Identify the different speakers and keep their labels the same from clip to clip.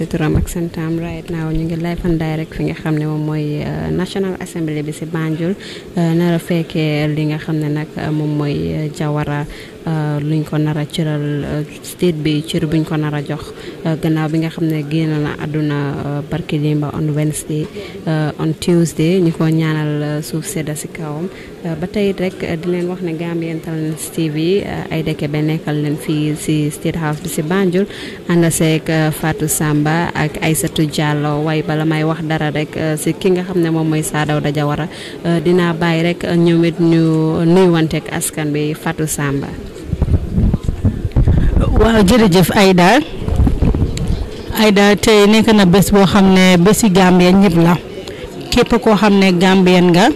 Speaker 1: si ak santam right now ñu ngi live and direct fi nga xam ne moom mooy euh, National Assembly bi si Banjul euh, nara fekkee li nga xam ne nag euh, moom mooy Jawara luñ ko nar a cëral state bi cër buñ ko nar a jox gannaaw bi nga xam ne génn na àdduna barki limba on Wednesday on Tuesday ñu ko ñaanal suuf sedda si kawam Eh, ba tey rek eh, di leen wax ne Gambian Talents TV eh, ay dëkk ba nekkal leen fii si State House bi si Banjul ànd seeg Fatou Samba ak Aïssatou Diallo waaye bala may wax dara rek si ki nga xam ne moom mooy Saadaw jawara Wara dinaa bàyyi rek ñoom it ñu nuyuwanteeg askan bi Fatou Samba.
Speaker 2: waaw jërëjëf aida Aida, tey nekk na bés boo xam ne bési Gambien ñëpp la képp koo xam ne Gambien nga.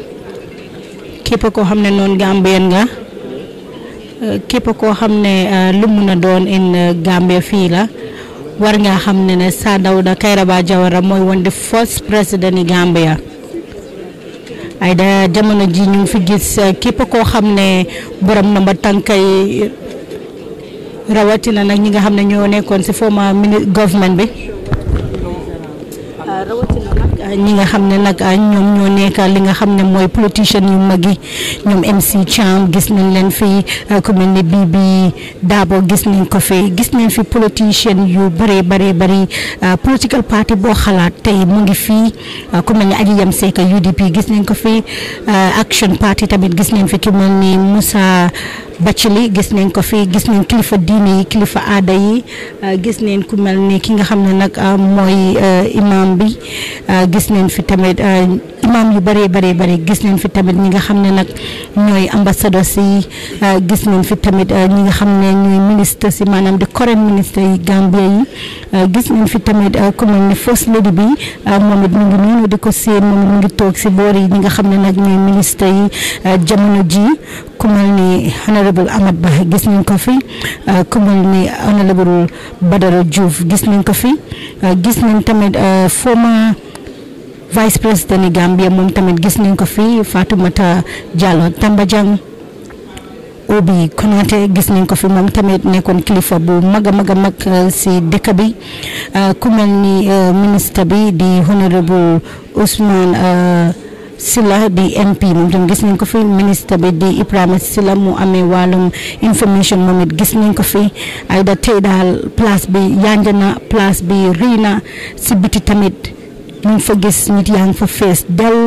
Speaker 2: képp koo xam ne noon Gambien nga euh, képp koo xam ne euh, lu mun a doon in euh, Gambia fii la war nga xam ne ne Sir Dawda Kairaba Jawara mooy woon the first president i Gambia ay da jamono ji ñu fi gis képp koo xam ne borom na ba tànkay rawatina nag ñi nga xam ne ñoo nekkoon si former government bi ñi nga xam ne nag ah, ñoom ñoo nekk li nga xam ne mooy politiciens yu mag yi ñoom MC Cham gis nañ leen fi ah, ku mel ni Bibi Dabo gis nañ ko fi gis nañ fi politiciens yu bëree bëree bëri ah, political party boo xalaat tey mu ngi fii ku mel ni Aji Yam Seka UDP gis nañ ko fi action party tamit gis nañ fi ku mel ni Moussa. Bathily gis nañ ko fi gis nañ kilifa diine yi kilifa aada yi euh, gis neen ku mel ni ki nga xam ne nag euh, mooy euh, imam bi gis nañ fi tamit imam yu bëree bëree bëri gis nañ fi tamit ñi nga xam ne nag ñooy ambassadeurs yi gis nañ fi tamit ñi nga xam ne ñooy maanaam di current ministre yi Gambia yi gis nañ fi tamit ku mel ni first lady bi moom it mu ngi noonu di ko séen moom mu ngi toog si boori yi ñi nga xam ne nag ñooy ministres yi jamono ji ku ni honorable Amath Bah gis nañ ko fi euh, ku ni honorable Badara Diouf gis nañ ko fi euh, gis tamit euh, former vice président Gambia moom tamit gis nañ ko fi Fatoumata Jallow Tambajang Obi Konate gis nañ ko fi moom tamit nekkoon kilifa bu mag a mag si dëkk bi ku ni ministre bi di honorable Ousmane Silla di MP moom tam gis nañ ko fi ministre bi di si Silla mu amee wàllum information moom it gis nañ ko fi ay da tey daal place bi yànja na place bi rii na si biti tamit ñu ngi fa gis nit yaa ngi fa fees del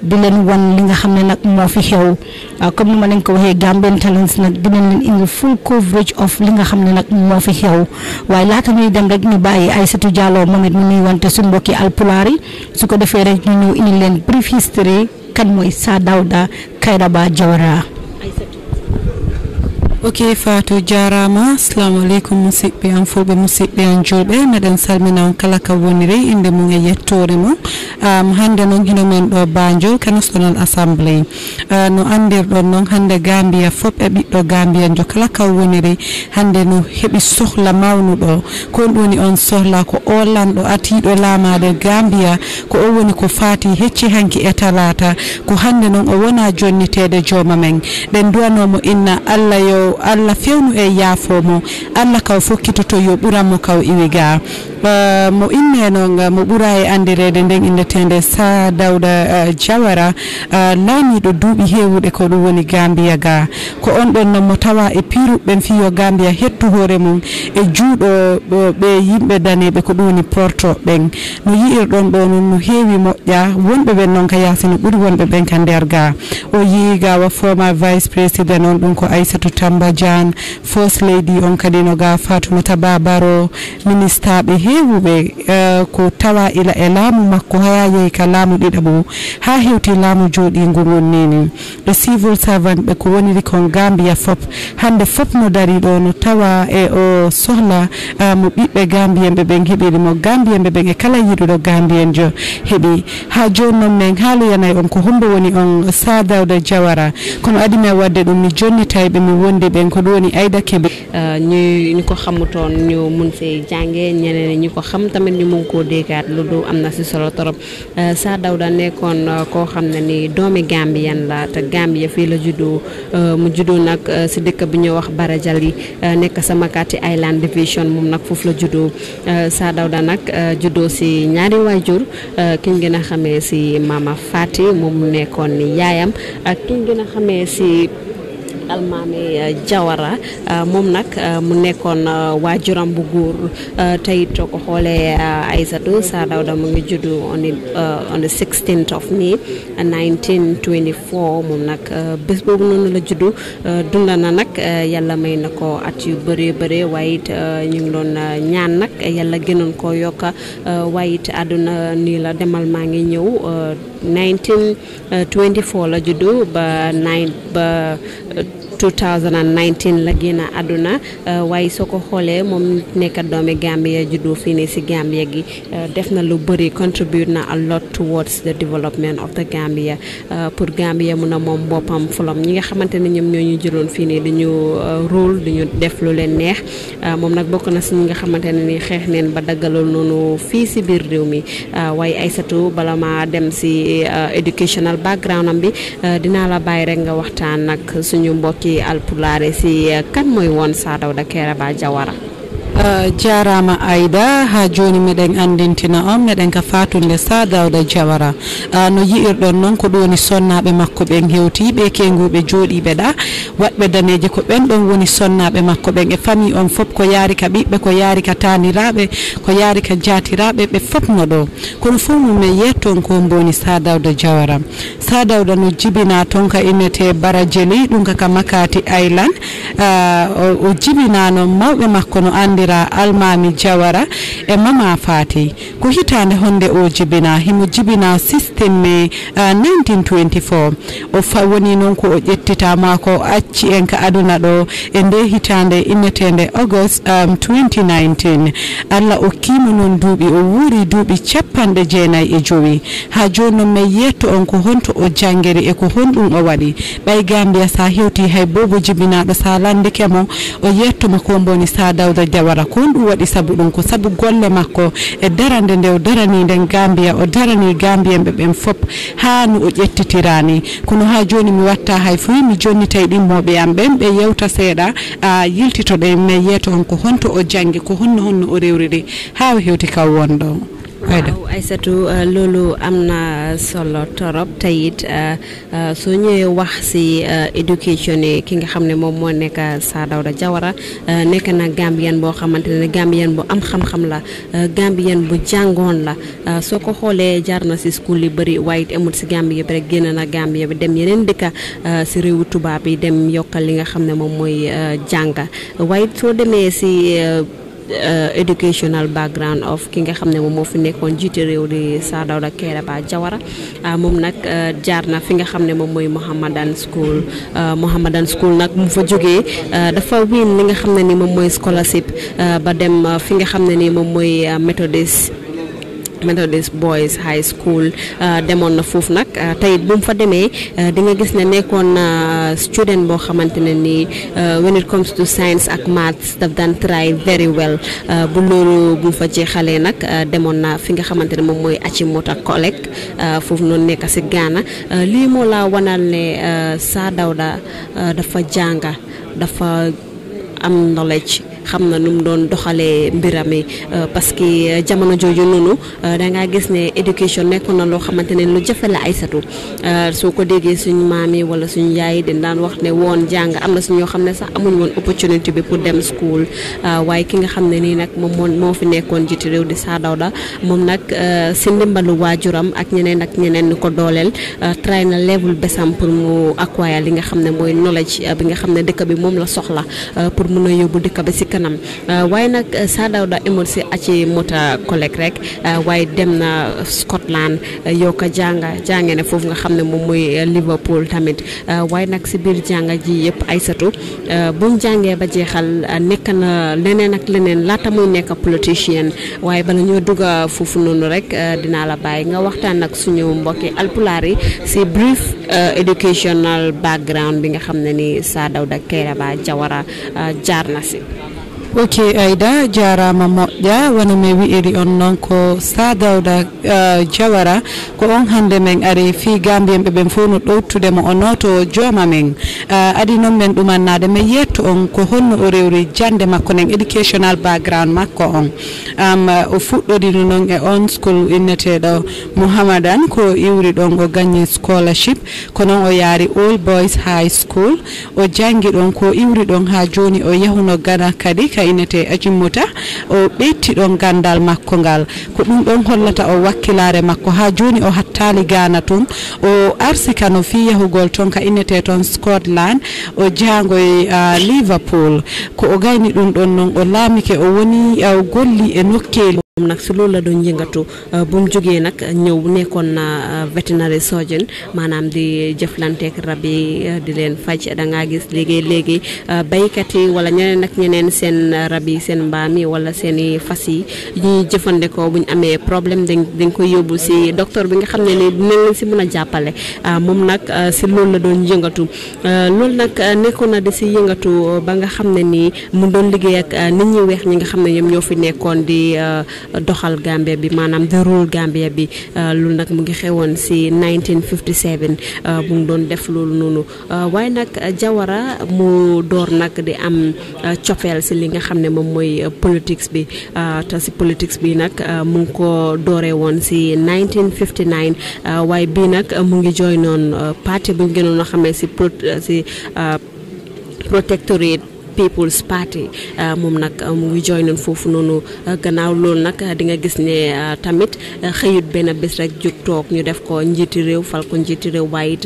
Speaker 2: di leen wan li nga xam ne nag moo fi xew ah, comme ni ma leen ko waxee Gambian Talents nag dinañ leen indi full coverage of li nga xam ne nag moo fi xew waaye laata ñuy dem rek ñu bàyyi ay Aïssatou Diallo moom it mu nuy wante suñ mbokki alpulaar yi su ko defee rek ñu ñëw indi leen brief history kan mooy Sir Dawda Kairaba Jawara ok fatou jarama
Speaker 3: assalamu aleykum musidɓe an fulɓe musidɓe an joɓe meɗen salmina on kala ka woniri inde mum e yettore mum um, hande noon hino men ɗo bandiol ka national assemblé uh, no andirɗon noon hande gambia foof e ɓiɗɗo gambia jo kala ka woniri hande no heeɓi sohla mawnuɗo kon ɗoni on sohla ko ollanɗo atiɗo laamade gambia ko o woni ko fati hecci hanki étalata e ko hande noon o wona jonniteɗe joma men ɓen duwanomo inna allah yo allah fewnu e yafomo allah kaw fof kitoto yo ɓuranmo kaw iwiga mo inni e noon mo ɓura e andirede nden innetede sa dawda diawara eh, eh, laamiɗo duuɓi heewuɗe ko ɗum woni gambia ga ko on ɗon noon mo tawa e piruɓeɓen fiyo gambia hettu hoore mum e juuɗo ɓe yimɓe daneɓe ko ɗum woni porto ɓen no yiirɗon ɗo nun no heewi moƴƴa wonɓe ɓen noon ka yaasi no ɓuri wonɓe ɓen ka nder ga o yii gawa former vice président on ɗum ko aissatou tamba diane fos leydi on kadi no ga fatoumata babaro ministaɓe hewuɓe eh, ko tawa ila e laamu makko haya yehi ka laamu ɗiɗabo ha hewti laamu jooɗigu ngon neni ɓe civil servant ɓe ko woniri kon gambia fop hande fop no dari ɗo no tawa e o sohla eh, mo ɓiɓɓe gambienɓe ɓen heɓirimo gambienɓe ɓen e kala yiɗuɗo gambienjo heeɓi ha joni noon min haaluyanayi on ko hombo woni on sadawda diawara kono adimi a wadde ɗum mi jonnitayɓe mi wondi ɓen ko ɗum woni ayda keɓe
Speaker 1: ni eh, ko xamutoon ñu mun see jànge ñeneen ñi ko xam tamit ñu mën koo déggaat loolu am na si solo torop eh, saa daw da nekkoon eh, koo xam ne ni doomi gambiyan la te gambia fii la juddoo eh, mu juddoo nag si dëkk bi ñu wax barajali nekk sa makati island division moom nak foofu la juddoo saa daw da nag juddoo si ñaari wajur kiñ gën a xamee si mama fati moom nekkoon ni yaayam ak kiñ gën a xamee si Almami euh, Jawara euh, moom nag euh, mu nekkoon waajuram bu góor tey too ko xoolee Aïssatou Sarr Dawda mu ngi juddu on the on the 16th of May moom nag bés boobu noonu la juddu dunda na nag yàlla may na ko at yu bëree bëree waaye it ñu ngi doon ñaan nag yàlla gënoon koo yokk waaye it àdduna nii la demal maa ngi ñëw 1924 la juddu ba 9 ba. 2019 la génn àdduna euh, waaye soo ko xoolee moom nekk doomi Gambia juddoo fii nii si Gambia gi euh, def na lu bëri contribute na a lot towards the development of the Gambia euh, pour Gambia mun a moom boppam folom ñi nga xamante ne ñoom ñoo ñu jëloon fii nii du ñu rôle du ñu def lu leen neex moom nag bokk na si ñi nga xamante ne ni xeex neen ba daggalool noonu fii si biir réew mi waaye Aysatu bala ma dem si educational background am bi dinaa la bàyyi rek nga waxtaan nag ci alpulaar si eh, kan mooy woon da Dawda Kairaba Jawara
Speaker 3: Eh, jarama ayda ha joni meɗen andintina on meɗen ka fatunde sa dawda jawara eh, no yiirɗon noon ko ɗowoni sonnaɓe makko ɓen hewti ɓe kenguɓe joɗiɓe ɗa waɗɓe daneje ko ɓen ɗon woni sonnaɓe makko ɓen e famille on foof ko yaari ka ɓiɓɓe ko yaari ka taniraɓe ko yaari ka jatiraɓe ɓe foof no ɗo kono fo mumen yetton ko mboni sa dawda jawara sa dawda no jibina toon ka innete bara dieli ɗum kaka makati aylan eh, o jibinano mawɓe makko no andira bandira almami jawara e mama faty ko hitande honde o jibina himo jibina systéme mai uh, 1924 o fa woni noon ko o ƴettita mako acci en ka aduna ɗo e nde hitande innetende august um, 2019 allah o kimo noon duuɓi o wuuri duuɓi capanɗe jeenayyi e joyi ha joni noon mai yetto on ko honto o jangguiri e ko honɗum o waɗi ɓay gambiya sa hewti hay bobo jibinaɗo sa landikemo o yettoma ko boni sa dawda jawa wara ko on ɗum waɗi sabu ɗum ko sabu golle makko e darande nde o darani nden gambia o darani gambiyanɓe ɓen fof ha no o ƴettitirani kono ha joni mi watta hay foyi mi jonnitay ɗimmoɓe am ɓen ɓe yewta seeɗa a yiltitoɗe e men yeeto on ko honto o janggi ko honno honno o rewriri ha o hewti kaw wonɗo Aïda
Speaker 1: waaw Aïssatou euh, loolu am na solo torop tey it euh, euh, soo ñëwee wax si éducation yi ki nga xam ne moom moo nekk Sir Dawda Jawara nekk na Gambien boo xamante ne Gambien bu am xam-xam la Gambien bu jàngoon la soo ko xoolee jaar na si school yu bëri waaye it amul si Gambie bi rek na Gambie bi dem yeneen dëkka si réewu tubaab yi dem yokkal li nga xam ne moom mooy jàng waaye soo demee si. Euh, educational background of ki nga xam ne moom moo fi nekkoon jiite réew di Sir Dawda ba Jawara euh, moom nag euh, jaar na fi nga xam ne moom mooy Mohammadan School Mohammadan School nag mu fa jógee dafa wiin li nga xam ne ni moom mooy scholarship ba dem fi nga xam ne ni moom mooy Methodist Methodist Boys High School uh, demoon na foofu nag uh, tey bu mu fa demee uh, di nga gis ne nekkoon na student boo xamante ne nii when it comes to science ak maths daf daan try very well bu loolu bu fa jeexalee nag demoon na fi nga xamante ne moom mooy Achimota College foofu noonu nekk si gaana lii moo la wanal ne Saa Dawda dafa jànga dafa am knowledge xam na nu mu doon doxalee mbirami euh, parce que euh, jamono jooju noonu euh, dangaa gis ne éducation nekkoon na loo xamante ne lu jafe la Aysatu soo ko déggee suñ maam yi wala suñ yaay yi daan wax ne woon jàng am na suñoo xam ne sax amuñ woon opportunité bi pour dem school waaye ki nga xam ne nii nag moom moo moo fi nekkoon jiitu réew di Sir Dawda moom nag si ndimbalu waajuram ak ñeneen ak ñeneen ni ko dooleel try na level besam pour mu acquire li nga xam ne mooy knowledge bi nga xam ne dëkk bi moom la soxla pour mun a yóbbu dëkk bi si kanam Euh, waaye nag euh, Sir Dawda si aci mota collègue rek euh, waaye dem na Scotland yokk a jànga jànge ne foofu nga xam ne moom mooy Liverpool tamit waaye nag si biir jànga ji yëpp Aysatu bu mu jàngee ba jeexal nekk na leneen ak leneen laata muy nekk politicien waaye bala ñoo dugga foofu noonu rek dinaa la bàyyi nga waxtaan ak suñu mbokki alpulaar yi si brief educational background bi nga xam ne ni Sir Dawda Kairaba Jawara jaar na si
Speaker 3: ok ayda jarama moƴƴa wona mi wi'iri on noon ko sadawda uh, jawara ko on hande men ari fi gambiyen ɓe ɓen fof no ɗowtudema ono to jooma men uh, adi noon men ɗumannade mi yetto on ko honno o rewri jande makko nen éducational background makko on am uh, o fuɗɗodino noon e on school inneteɗo mouhamadan ko iwri ɗon o gagne scholarship ko noon o yaari all boys high school o janggui ɗon ko iwri ɗon ha joni o yahuno gana kadi kaynete ajimmota e o ɓeytiɗon gandal makko ngal ko ɗum ɗon hollata o wakkilare makko ha joni o hattali gana toon o arsi kano fi yahugol toon kaynete toon scotland o jangoye liverpool ko o gayni ɗum ɗon noon o
Speaker 1: laamike o woni golli e nokkeli moom nag si lool la doon yëngatu euh, bu mu jógee nag ñëw nekkoon na euh, veterinary surgeon maanaam di jëflanteek rab yi euh, di leen faj da ngaa gis léegi léegi baykat yi wala ñeneen ak ñeneen seen rab yi seen mbaam yi wala seen i fas yi ñuy jëfandikoo bu ñu amee problème dañ dañ koy yóbbu si docteur bi nga xam ne nii dinañ leen si mën a jàppale moom nag si loolu la doon yëngatu loolu nag nekkoon na di si yëngatu ba nga xam ne nii mu doon liggéey ak nit ñi weex ñi nga xam ne ñoo fi nekkoon di doxal Gambia bi maanaam the rule Gambia bi euh, loolu nag mu ngi xewoon si 1957 euh, mu ngi doon def loolu noonu euh, waaye nag Jawara mu door nag di am cofeel si li nga xam ne moom mooy politics bi te si politics bi nag mu ngi ko dooree woon si 1959 waaye bii nag mu ngi jooy noonu parti bu ñu gënoon xamee si pro si protectorate People's Party euh, moom nag euh, mu ngi joy noon foofu noonu euh, gannaaw loolu nag di nga gis ne tamit xëyut benn bés rek jóg toog ñu def ko njiiti réew fal ko njiiti réew waaye it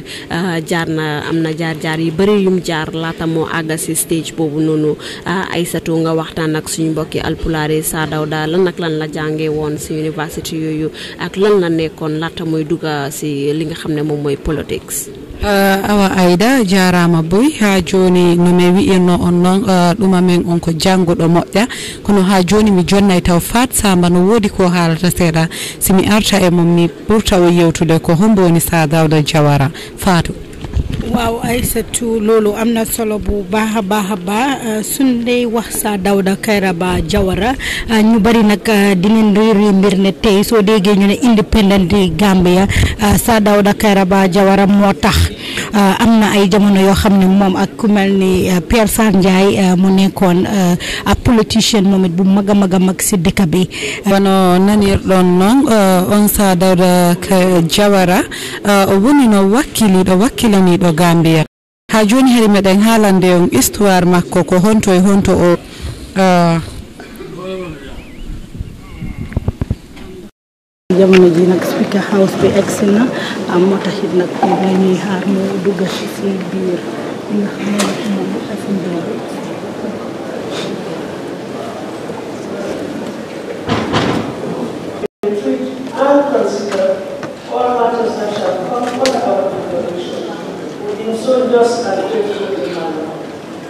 Speaker 1: jaar na am na jaar-jaar yi bëri yum jaar laata moo àgga si stage boobu noonu Aysatu nga waxtaan ak suñu mbokki alpulaar yi Saa Dawda lan nag lan la jàngee woon si université yooyu ak lan la nekkoon laata mooy dugga si li nga xam ne moom mooy politics
Speaker 3: awa ayda jarama boy ha joni nomin wiyirno on noon ɗum amen on ko janggoɗo moƴƴa kono ha joni mi jonnay taw fat samba no wodi ko haalata seeɗa simi arta e mum mi ɓurta o yewtude ko hombo woni sadawda diawara fatou
Speaker 2: waaw Aïssatou loolu am na solo bu baax a baax a baax euh, suñ dee wax sa Dawda Kairaba Jawara euh, ñu bari nag euh, dinañ réer mbir ne tey soo déggee ñu ne independent di Gambia sa Dawda Kairaba Jawara moo tax am na ay jamono yoo xam ne moom ak ku mel ni Pierre Sarr Ndiaye mu nekkoon ab politicien moom bu mag a mag a mag si dëkk bi. wano nanirɗon noon on sa
Speaker 3: Dawda Jawara woni no wakkiliɗo wakkilaniɗo gambia ha joni hede meɗen haalande on histoire makko ko honto e honto o uh,
Speaker 2: jamono ji nag speaker house bi egsi na moo taxit nag dañuy xaar mu dugg si
Speaker 4: biir li nga xam ne moom asimbiir Thank
Speaker 5: religious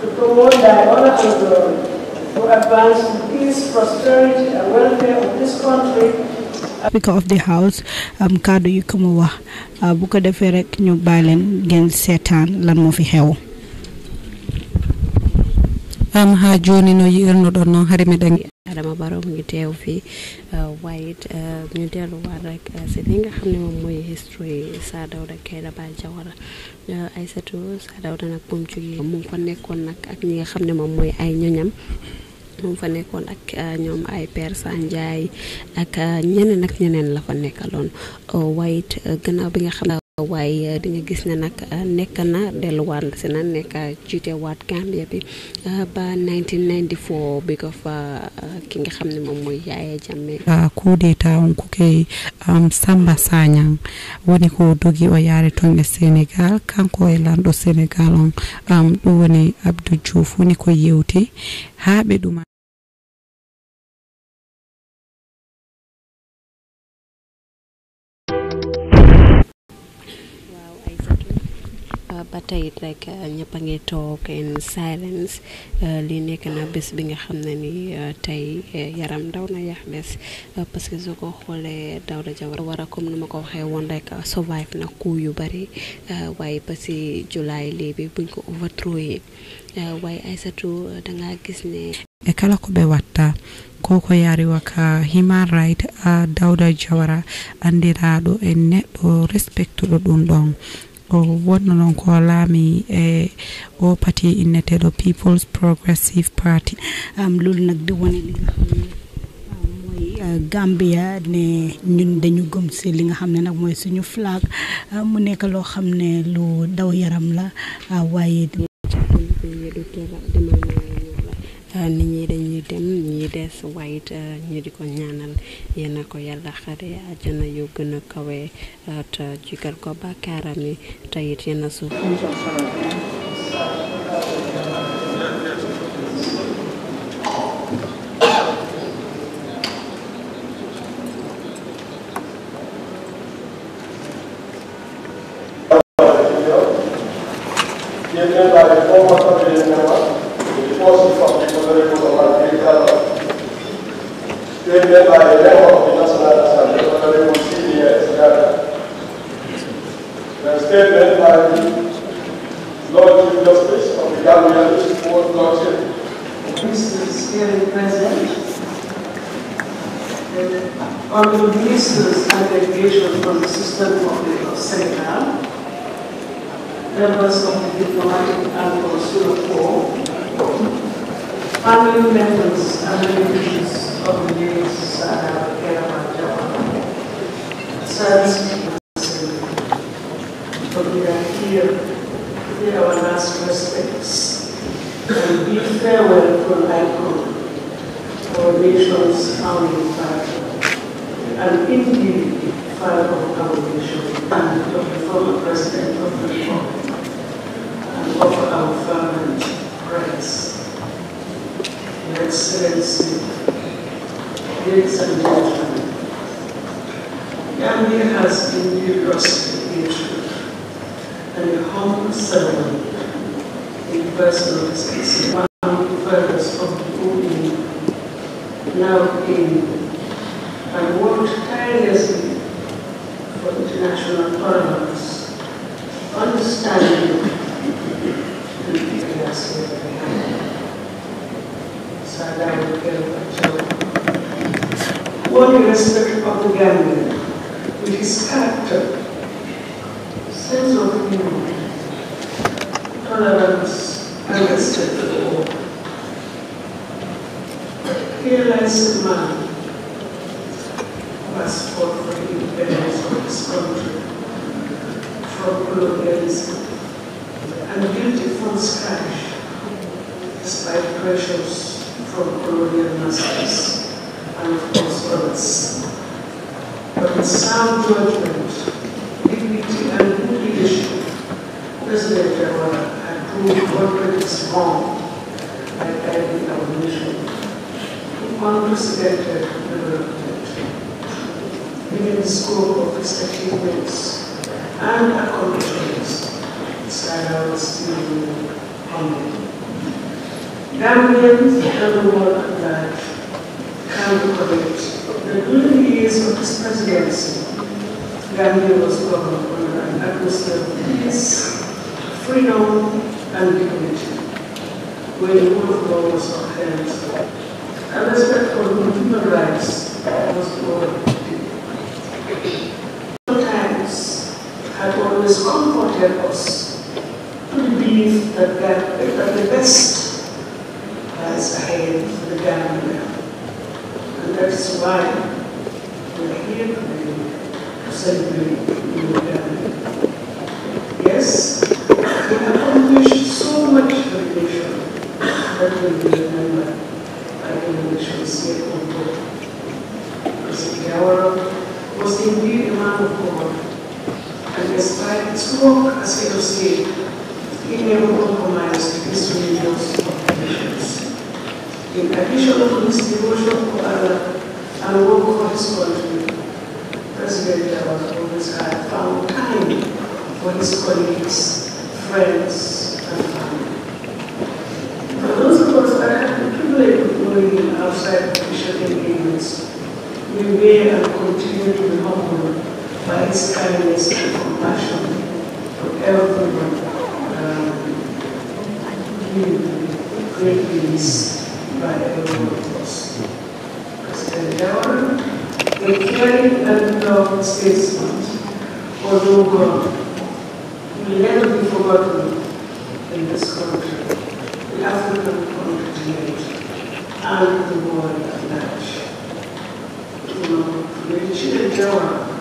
Speaker 5: to promote dialogue
Speaker 4: and growth, to advance peace, prosperity,
Speaker 2: and welfare of this country Speaker of the House um, kaddu yu ko mu wax uh, bu ko defee lan um, ha joni no yi'irnoɗon noon
Speaker 3: haari meɗen
Speaker 1: adama baro mi teew fii uh, wayit ñu uh, delluwaat rek uh, si li nga xam ne moom mooy history Sir Dawda Kairaba Jawara Aysatu Sir nag moom mu fa nekkoon nag ak ñi nga xam ne moom mooy ay ñoñam moom fa nekkoon ak ñoom ay Père Sanjaay ak ñeneen ak ñeneen la fa nekkaloon wayit gannaaw bi nga xam waaye eh, di nga gis ne nag eh, nekk na delluwaat si na nekk eh, jiite Gambia bi ba 1994 bi ko fa ki nga xam ne moom mooy Yaya Jammeh
Speaker 3: ah, coup d'état on kuke Samba Sanyang woni ko dogi o yaare ton e Sénégal kanko e lanɗo
Speaker 5: Sénégal on ɗum woni Abdou Diouf woni ko yewti haa ɓe ɗuma ba tey it
Speaker 1: rek ñëpp a ngi in silence eh, li nekk na bes bi nga xam ni eh, tey eh, yaram daw na bes, bés parce que zoko xolé daw da jawar wara a comme ko won rek survive na ku yu bari waaye parce que julaay li bi buñ ko overthrow yi waaye da danga gis ne
Speaker 3: e kala ko be watta koko yari waka human right uh, dawda jawara en neddo respecto do dum ɗon or Wodnolon Kualami eh, or party in the People's Progressive Party.
Speaker 2: Um, loolu nag di wane uh, Gambia ne ñun dañu gëm li nga xam ne nag mooy suñu flag uh, mu nekk loo xam ne lu daw yaram la uh, waaye. dem
Speaker 1: ñi des wayit ñi di ko ñaanal aja ko yàlla xare àjjana yu gën a kawe te jigal ko bàkkaaram yi te it yéena suuf
Speaker 6: Thank
Speaker 4: Excellency, and gentlemen, Gambia has been vigorously engaged and a humble ceremony in person of the Fergus of the now in six months, although God will never be forgotten in this country, the African continent, and the world at large. Richard Dower,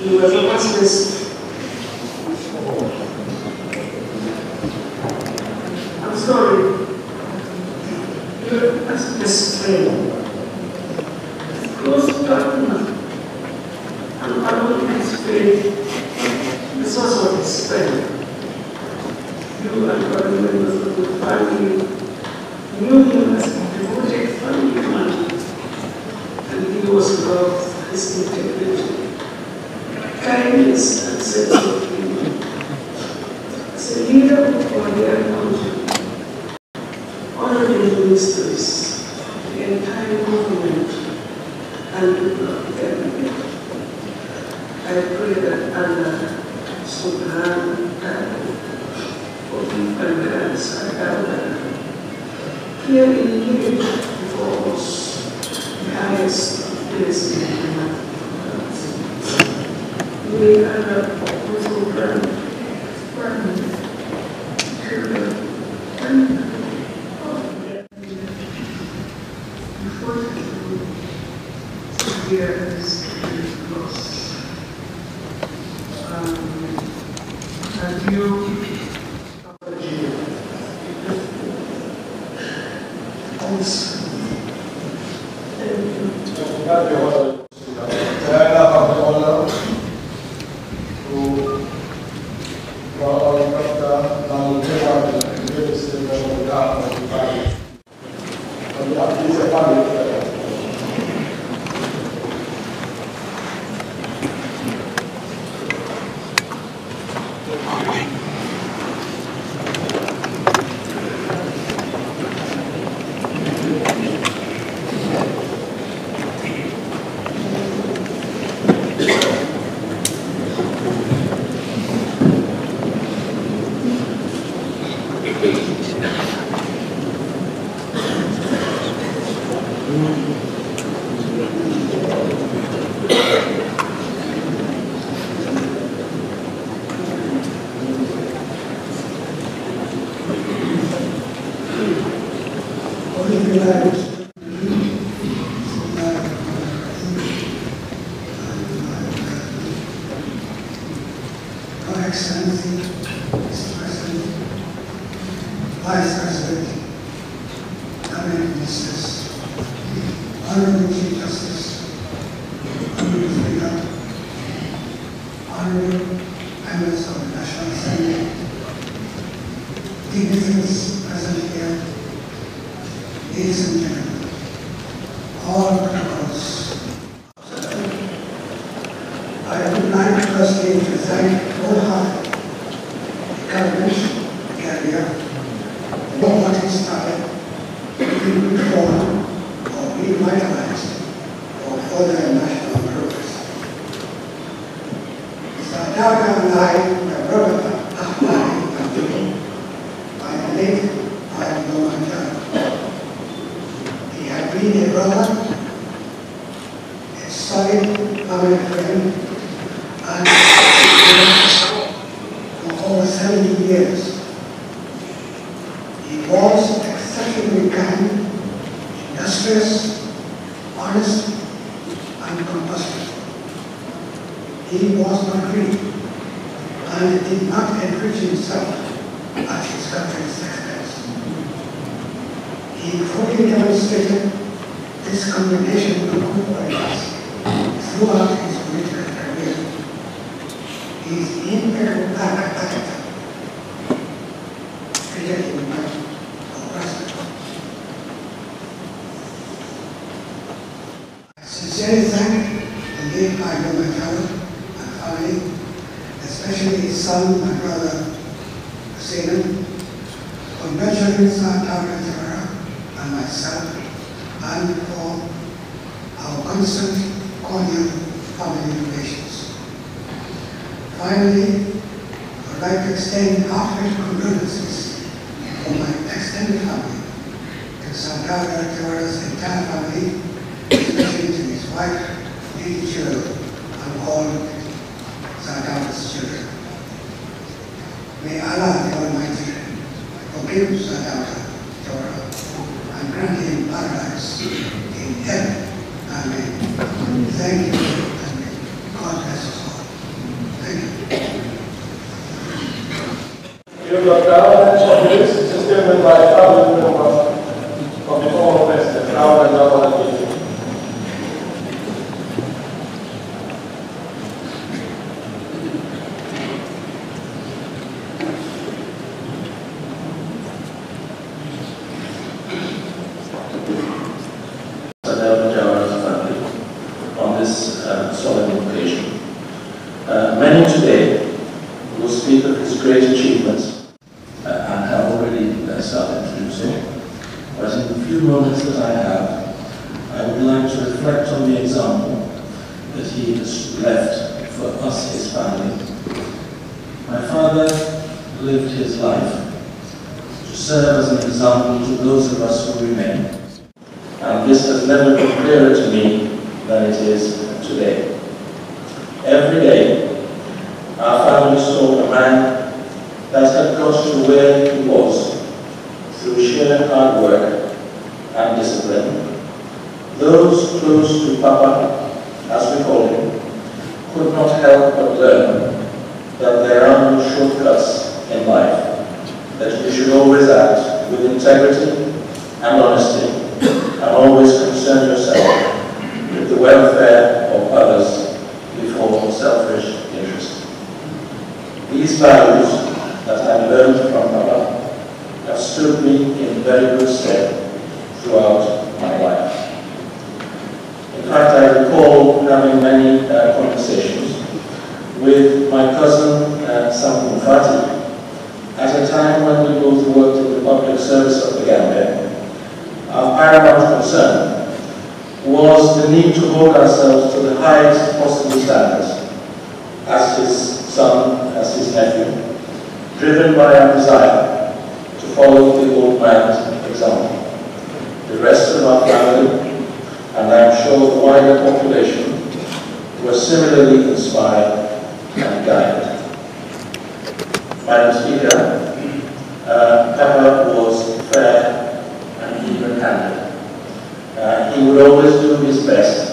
Speaker 4: he was a pacifist. I'm sorry, you're a pacifist Ladies and gentlemen, all protocols. I would like to firstly to thank
Speaker 6: hard work and discipline, those close to Papa, as we call him, could not help but learn that there are no shortcuts in life, that you should always act with integrity and honesty, and always concern yourself with the welfare of others before selfish interest. These values very good stead throughout my life. In fact, I recall having many uh, conversations with my cousin uh, Sam Mufati at a time when we both worked in the public service of the Gambia. Our paramount concern was the need to hold ourselves to the highest possible standards as his son, as his nephew, driven by our desire to follow the who example. The rest of our family, and I'm sure the wider population, were similarly inspired and guided. Madam Speaker, uh, was fair and even-handed. Uh, he would always do his best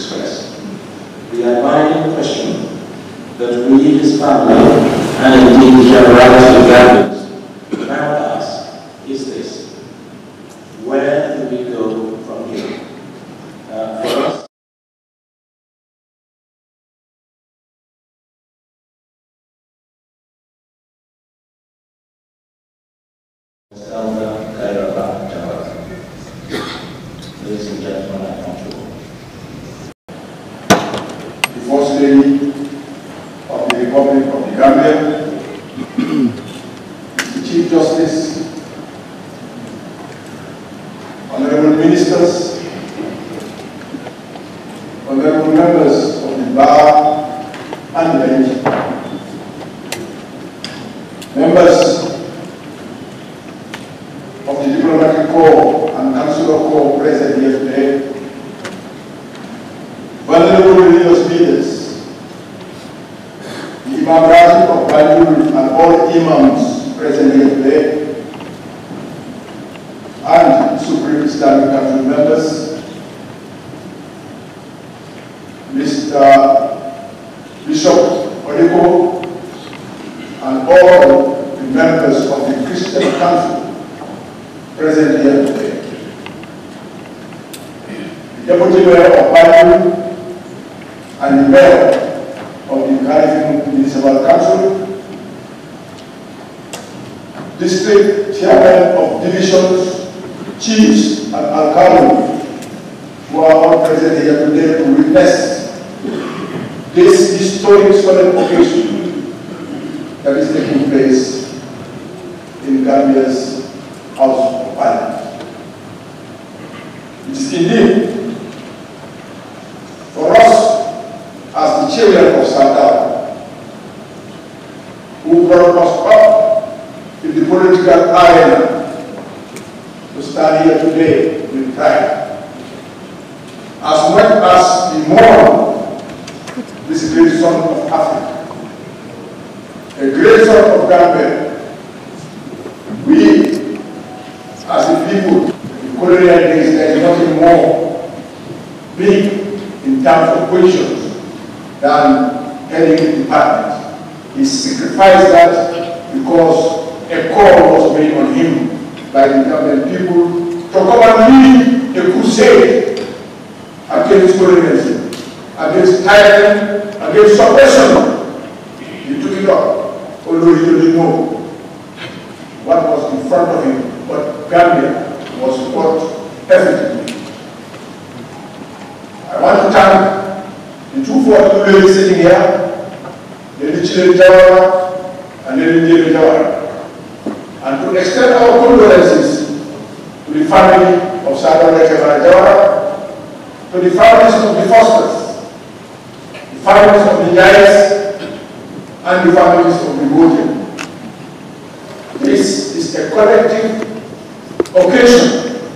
Speaker 6: We The abiding question that we, his family, and indeed generality gathered
Speaker 7: and to extend our condolences to the family of Sadhana Jawar, to the families of the Fosters, the families of the Jayas, and the families of the wounded. This is a collective occasion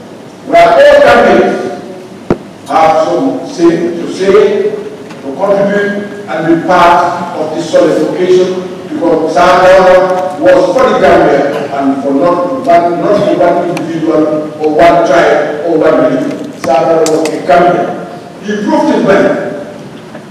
Speaker 7: where all families have some to say, to contribute and be part of this solid occasion because Sahara was for the and for not, but not for one individual or one child or one religion. Sahara was a Gambia. He proved it when,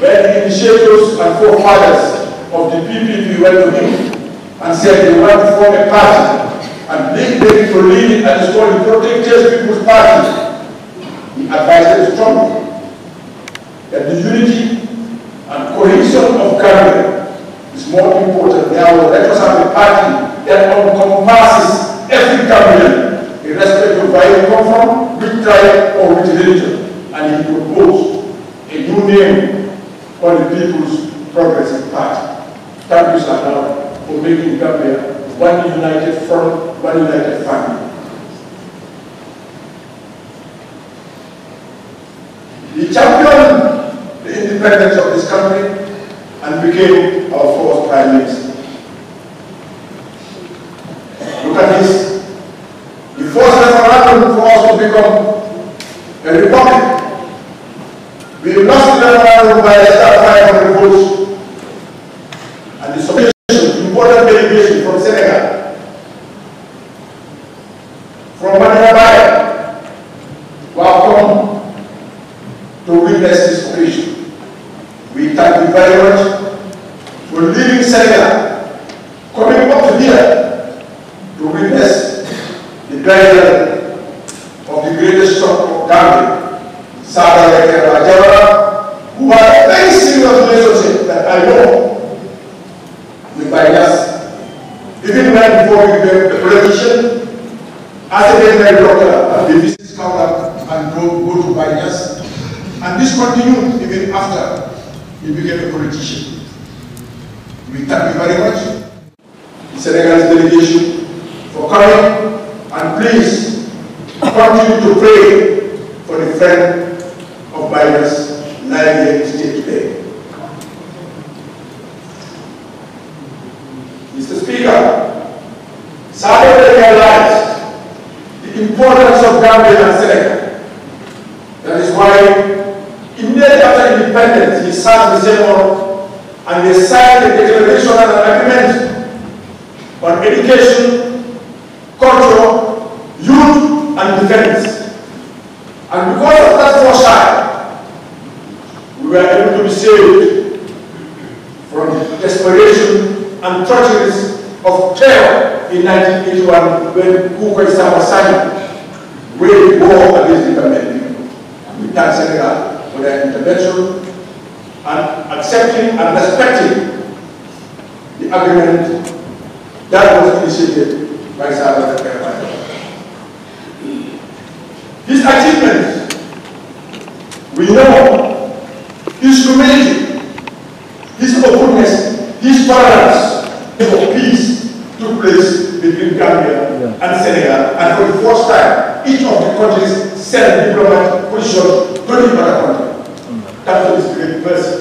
Speaker 7: When the initiators and forefathers of the PPP went to him and said they want to form a party and lead them to lead and it's called the Protectors People's Party, he advised them strongly that the unity and cohesion of Gambia is more important. There will let us have a party that encompasses every Gambian, irrespective of where you come from, which tribe or which religion. And he proposed a new name for the People's Progressive Party. Thank you, Sadar, for making Gambia one united front, one united family. He championed the independence of this country and became our fourth prime minister. Look at this. The first referendum
Speaker 8: for us to become
Speaker 7: a republic. We lost the referendum by a star 500 votes. And the submission, important delegation from Senegal, from Manila Bay, were to witness this very much. We're leaving Senegal, coming up to here to witness the burial of the greatest shock of Gambia, Sada Lekera who had a very serious relationship that I know with Banyas. Even when before he became a politician, as a veterinary doctor, the business up and go, go to Banyas. And this continued even after you became a politician. We thank you very much, Senegal's delegation, for coming and please continue to pray for the friend of Biden's life here in state today. Mr. Speaker, Saturday Africa realized the importance of Gambia and Senegal. That is
Speaker 5: why,
Speaker 7: immediately after independence, the SARS December and they signed a declaration and an agreement on education, culture, youth, and defense. And because of that foresight, we were able to be saved from the desperation and treacheries of terror in 1981 when Kukwai Samasani waged war against the Gambia. We thank Senegal for their intervention and accepting and respecting the agreement that was initiated by South Africa. These achievements, we know, this humility, this openness, this tolerance for peace took place between Gambia yeah. and Senegal, and for the first time, each of the countries sent diplomatic positions to the other country. Mas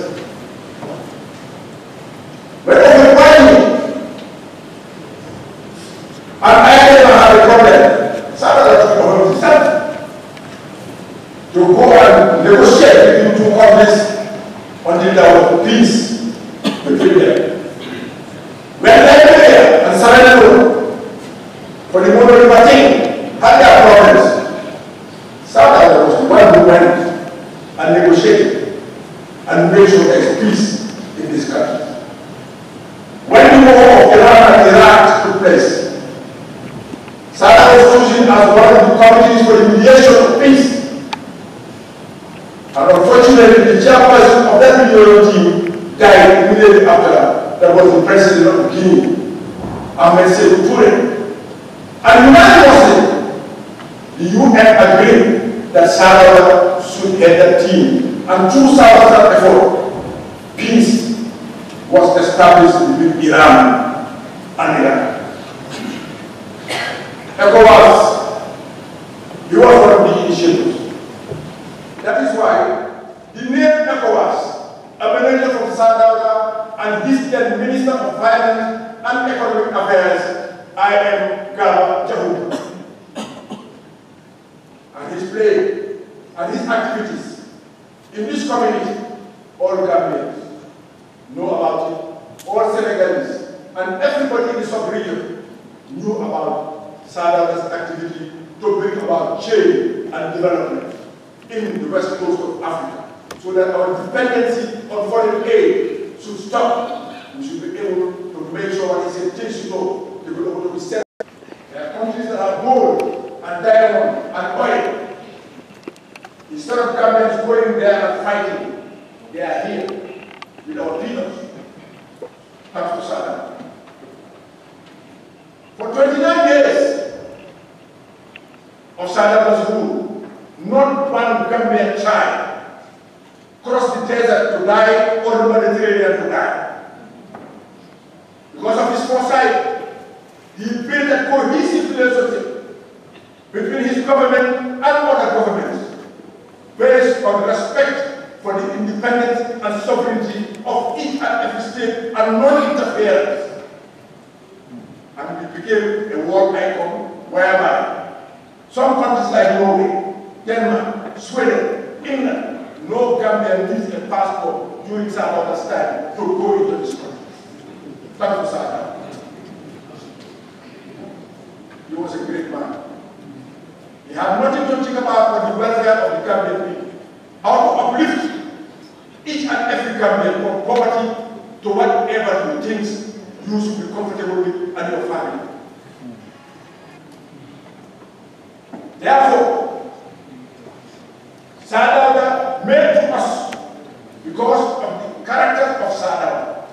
Speaker 7: He built a cohesive relationship between his government and other governments based on respect for the independence and sovereignty of each and every state and non-interference. And it became a world icon whereby some countries like Norway, Denmark, Sweden, England, no Gambian needs a passport during some understand to go into this country. Thank you, Sir. was a great man. He had nothing to think about for the welfare of the Gambian people. How to uplift each and every Gambian from poverty to whatever he thinks you should be comfortable with and your family. Therefore, Sadauda made to us because of the character of Sadauda,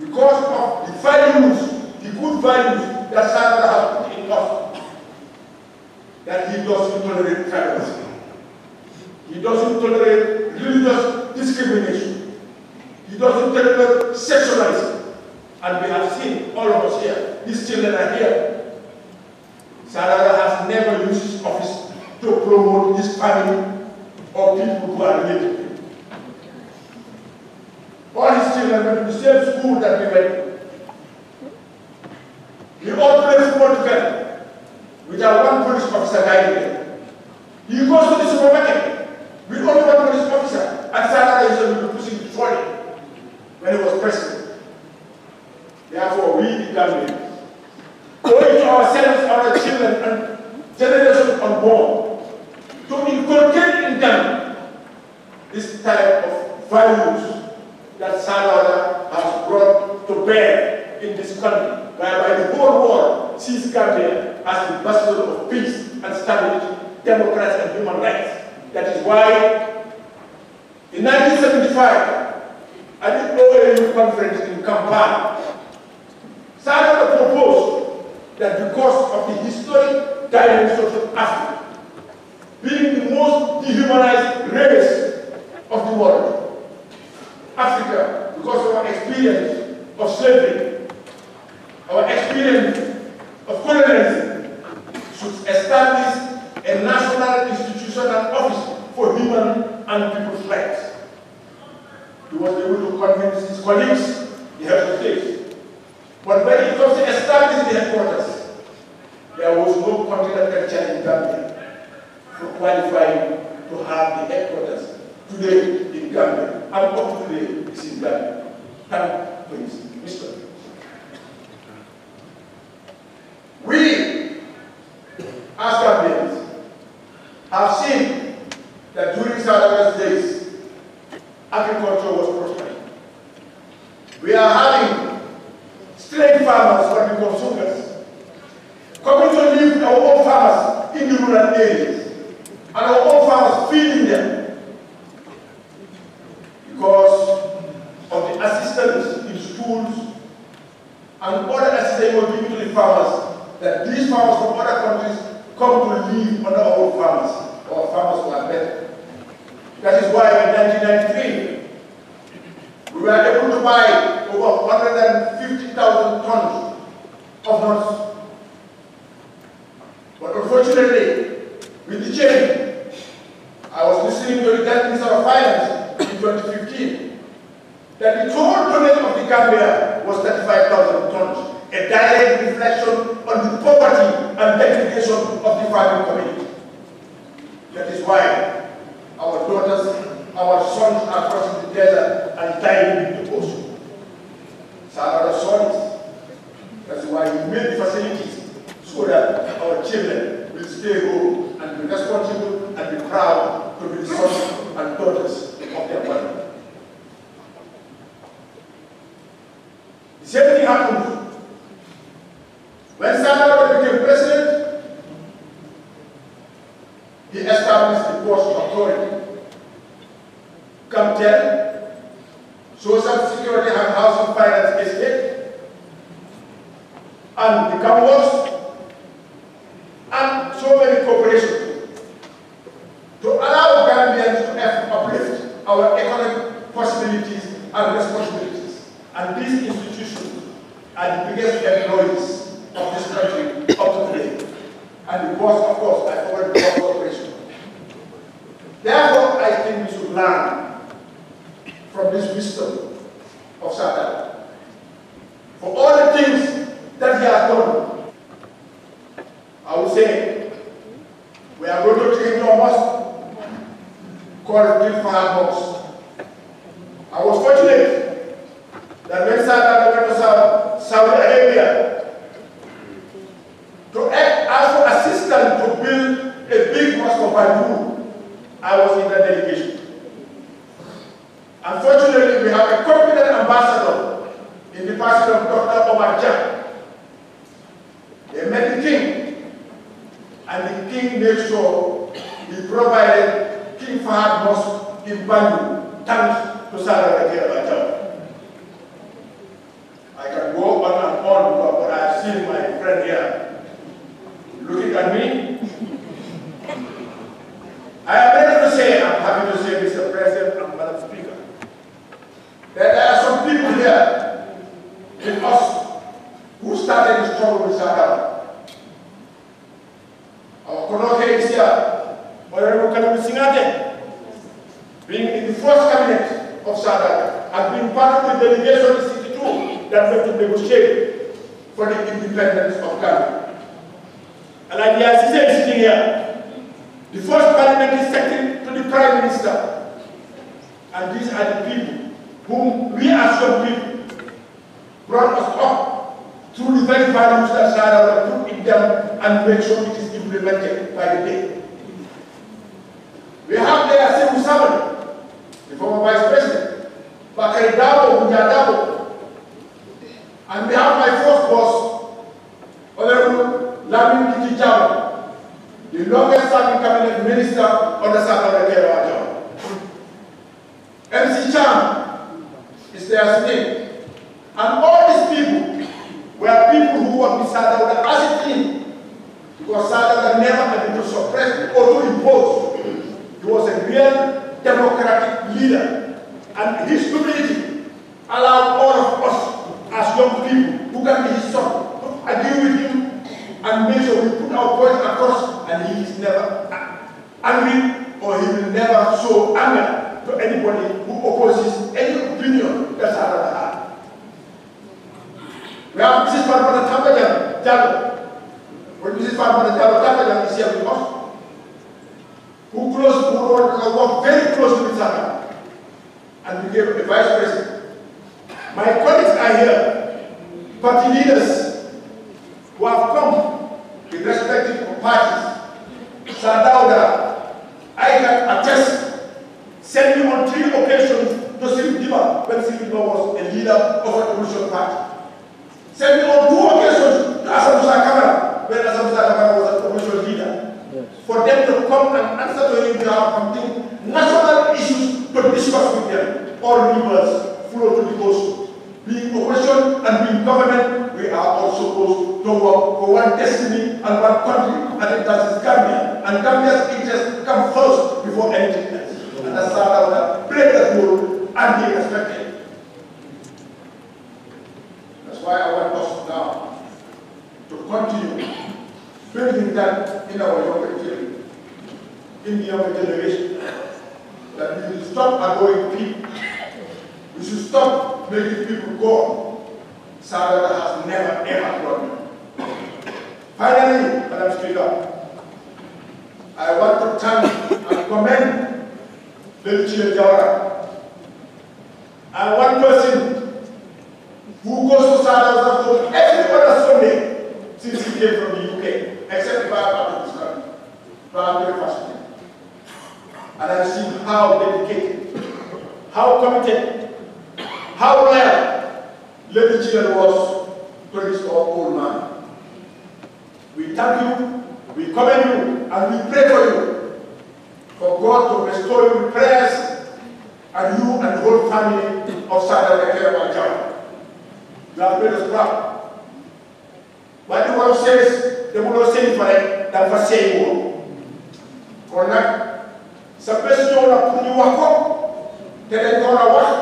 Speaker 7: because of the values, the good values that Sadauda has put that he doesn't tolerate tribalism. He doesn't tolerate religious discrimination. He doesn't tolerate sexualizing. And we have seen, all of us here, these children are here. Sarada has never used his office to promote his family or people who are related to him. All his children went to the same school that we went to. He operates football together. We have one police officer guiding He goes to the supermarket with only one police officer. And Salah is to be pushing the trolley when he was president. Therefore, we the government owe to ourselves, our children, and generations unborn to inculcate in them this type of values that Salah has brought to bear in this country, whereby the whole world sees Gambia as the bastion of peace and stability, democracy and human rights. That is why in 1975, at the OAU conference in Kampala, Sadaka proposed that because of the historic dimensions of Africa, being the most dehumanized race of the world, Africa, because of our experience of slavery, our experience of colonialism should establish a national institutional office for human and people's rights. He was able to convince his colleagues, He had to state. But when it comes to establishing the headquarters, there was no continental challenge in challenge Gambia for qualifying to have the headquarters today in Gambia. And up to today it is in Gambia. Thank you, Mr. We, as captains, have seen that during Saturday's days, agriculture was prospering. We are having straight farmers for the consumers. Coming to live our own farmers in the rural areas and our own farmers feeding them because of the assistance in schools and other assistance we give to the farmers from other countries come to live under our farmers, or farmers who are better. That is why in 1993, we were able to buy over 150,000 tons of nuts. But unfortunately, with the change, I was listening to the Minister of Finance in 2015, that the total tonnage of the Gambia was 35,000 tons, a direct reflection on the poverty and degradation of the farming community. That is why our daughters, our sons are crossing the desert and dying in the ocean. Sahara sons, that's why we build facilities so that our children will stay home and be responsible and be proud to be the sons and daughters of their mother. The same thing happened when Sandra became president, he established the post of authority. Comtel, Social Security and Housing Finance Estate, and the worse, and so many corporations to allow Gambians to uplift our economic possibilities and responsibilities. And these institutions are the biggest employers was, of course, I forward cross cooperation. Therefore, I think we should learn from this wisdom of Satan. For all the things that he has done, I will say, we are going to change our must call it fireworks. I was fortunate provided King Fahad Mosque in Bandu thanks to Salah Rajabatam. I can go on and on, but I've seen my friend here looking at me. I am ready to say, I'm happy to say, Mr. President and Madam Speaker, that there are some people here in us who started the struggle with Saddam. Our colloquia is here. Honorable Kanami Singate, being in the first cabinet of SADC, has been part of the delegation in 62 that went to negotiate for the independence of Ghana. And like the assistant is sitting here, the first parliament is second to the prime minister. And these are the people whom we as young people brought us up through the very values that SADC put in them and make sure it is implemented by the day. They have there Sekou Samani, the former vice president, Bakari Dabo, Dabo. And they have my fourth boss, Honorable Lamin Kichijawa, the longest serving cabinet minister under Sakara Kerawa MC Cham is their name. And all these people were people who were beside Dawda as it is, because Sadaka never had been to suppress or to impose he was a real democratic leader. And his humility allowed all of us as young people who can be his son to agree with him and make sure we put our point across and he is never angry or he will never show anger to anybody who opposes any opinion that's out of the heart. We have Mrs. Barbara Tabajan Jalo. When Mrs. Barbara Tabajan is here with us, who close who worked very closely with her and became the vice president. My colleagues are here, party leaders who have come in respective parties. Sadauda, I can attest, sent me on three occasions to Sri Diba when Sri was a leader of a revolution party. Sent me on two occasions to Asamusa Kamara when Asamusa Kamara was a for them to come and answer to you have something national issues to discuss with them. All rivers flow to the coast. Being opposition and being government, we are all supposed to work for one destiny and one country, and that is Gambia. And Gambia's interests come first before anything else. And that's how that play that role and be respected. That's why I want us now to continue building that in our younger children, in the younger generation, that we should stop annoying people. We should stop making people go. Sarada has never, ever me. Finally, Madam Speaker, I want to thank and commend Belchia Jawara. I want person who goes to Sarada's every other Sunday since he came from the UK except if I have part of this country. But I'm very fascinated. And I see how dedicated, how committed, how loyal Lady Children was to this old man. We thank you, we commend you, and we pray for you. For God to restore you with prayers, and you and the whole family of Sadar Ekeba Jai. You have made us proud. but the world says te bu doo sëy fa rek kon nag sa question la pour ñu wax ko te dañ ko war wax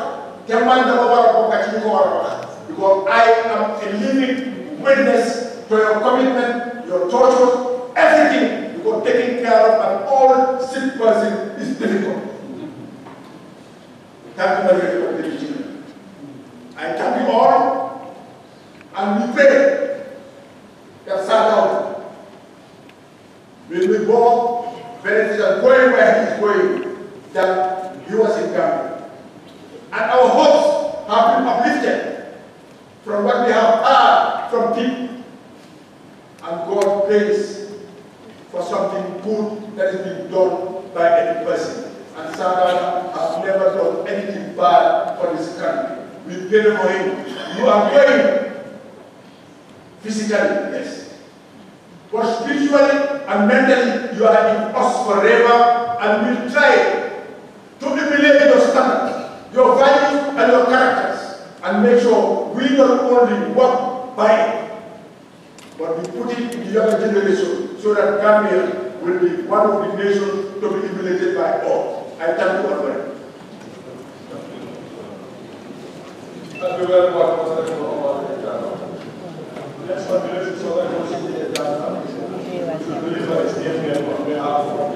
Speaker 7: te man dama ci ñu wax because I am a living witness to your commitment your torture everything because taking care of an old sick person is difficult thank you very much I thank you all and we pray that Satan when we go, when going where he's going, that he was in Ghana. And our hopes have been uplifted from what we have heard from people. And God prays for something good that is being done by any person. And Sadana has never done anything bad for this country. We pray for him. You are praying physically, yes. But spiritually and mentally, you are in us forever and will try to emulate your standards, your values, and your characters, and make sure we not only walk by it, but we put it in the younger generation so that Gambia will be one of the nations to be emulated by all. I thank you all for much. Thank you very much, Mr. Yes, I'm going to tell them what's in the data. Really, like, yeah.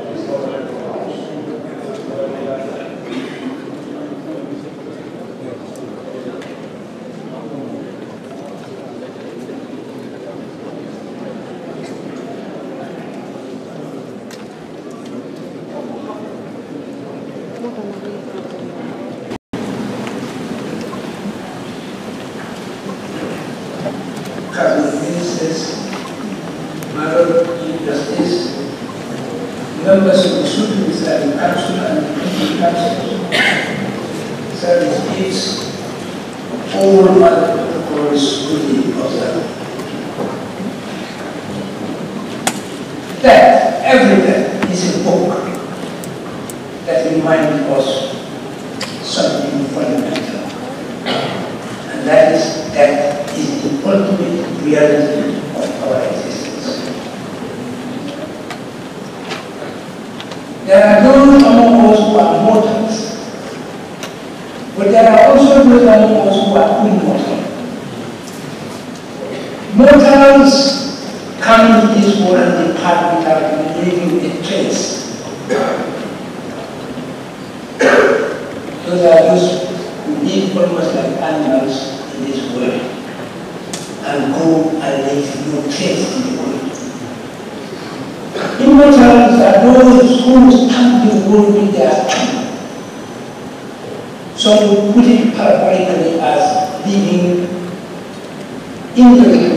Speaker 9: faith. Immortals are those who stand the world be their So you put it parabolically as living in the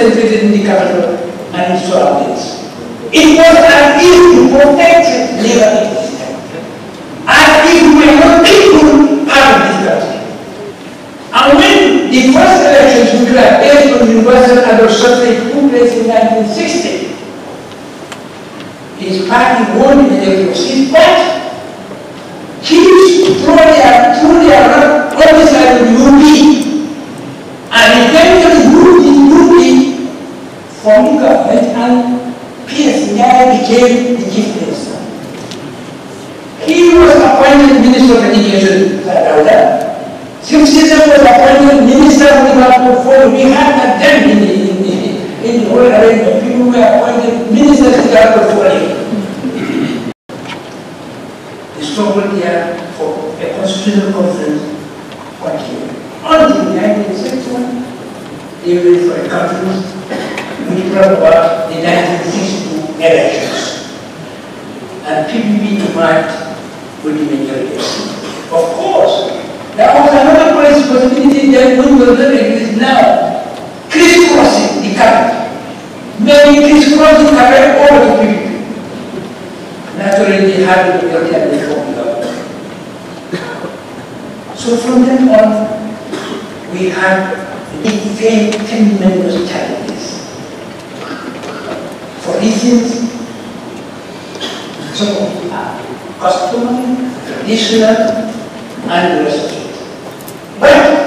Speaker 9: concentrated in the capital and surroundings. It was an issue protected labor ecosystem. And will not people out of this country. And when the first elections were based on universal adult suffrage took place in 1960, his party won the elections. But kids through their, through their officer in UP and for new government and P.S. Nyaya became the chief minister. He was appointed Minister of Education at Rwanda. Simpson was appointed Minister of Development for we had a them in the, in the, in the whole arrangement. People were appointed Minister of Development for The struggle there for a constitutional conference continued. Until 1961, they went for a conference Liberal were the 1962 elections. And PBB emerged with be majority. Of course, there was another possibility that we will not exist now. Crisscrossing the capital. Many crisscrossing the capital all the people. Naturally, they had the majority and they formed So from then on, we had a big, 10 members challenge for reasons so uh, customary, traditional, and respect. But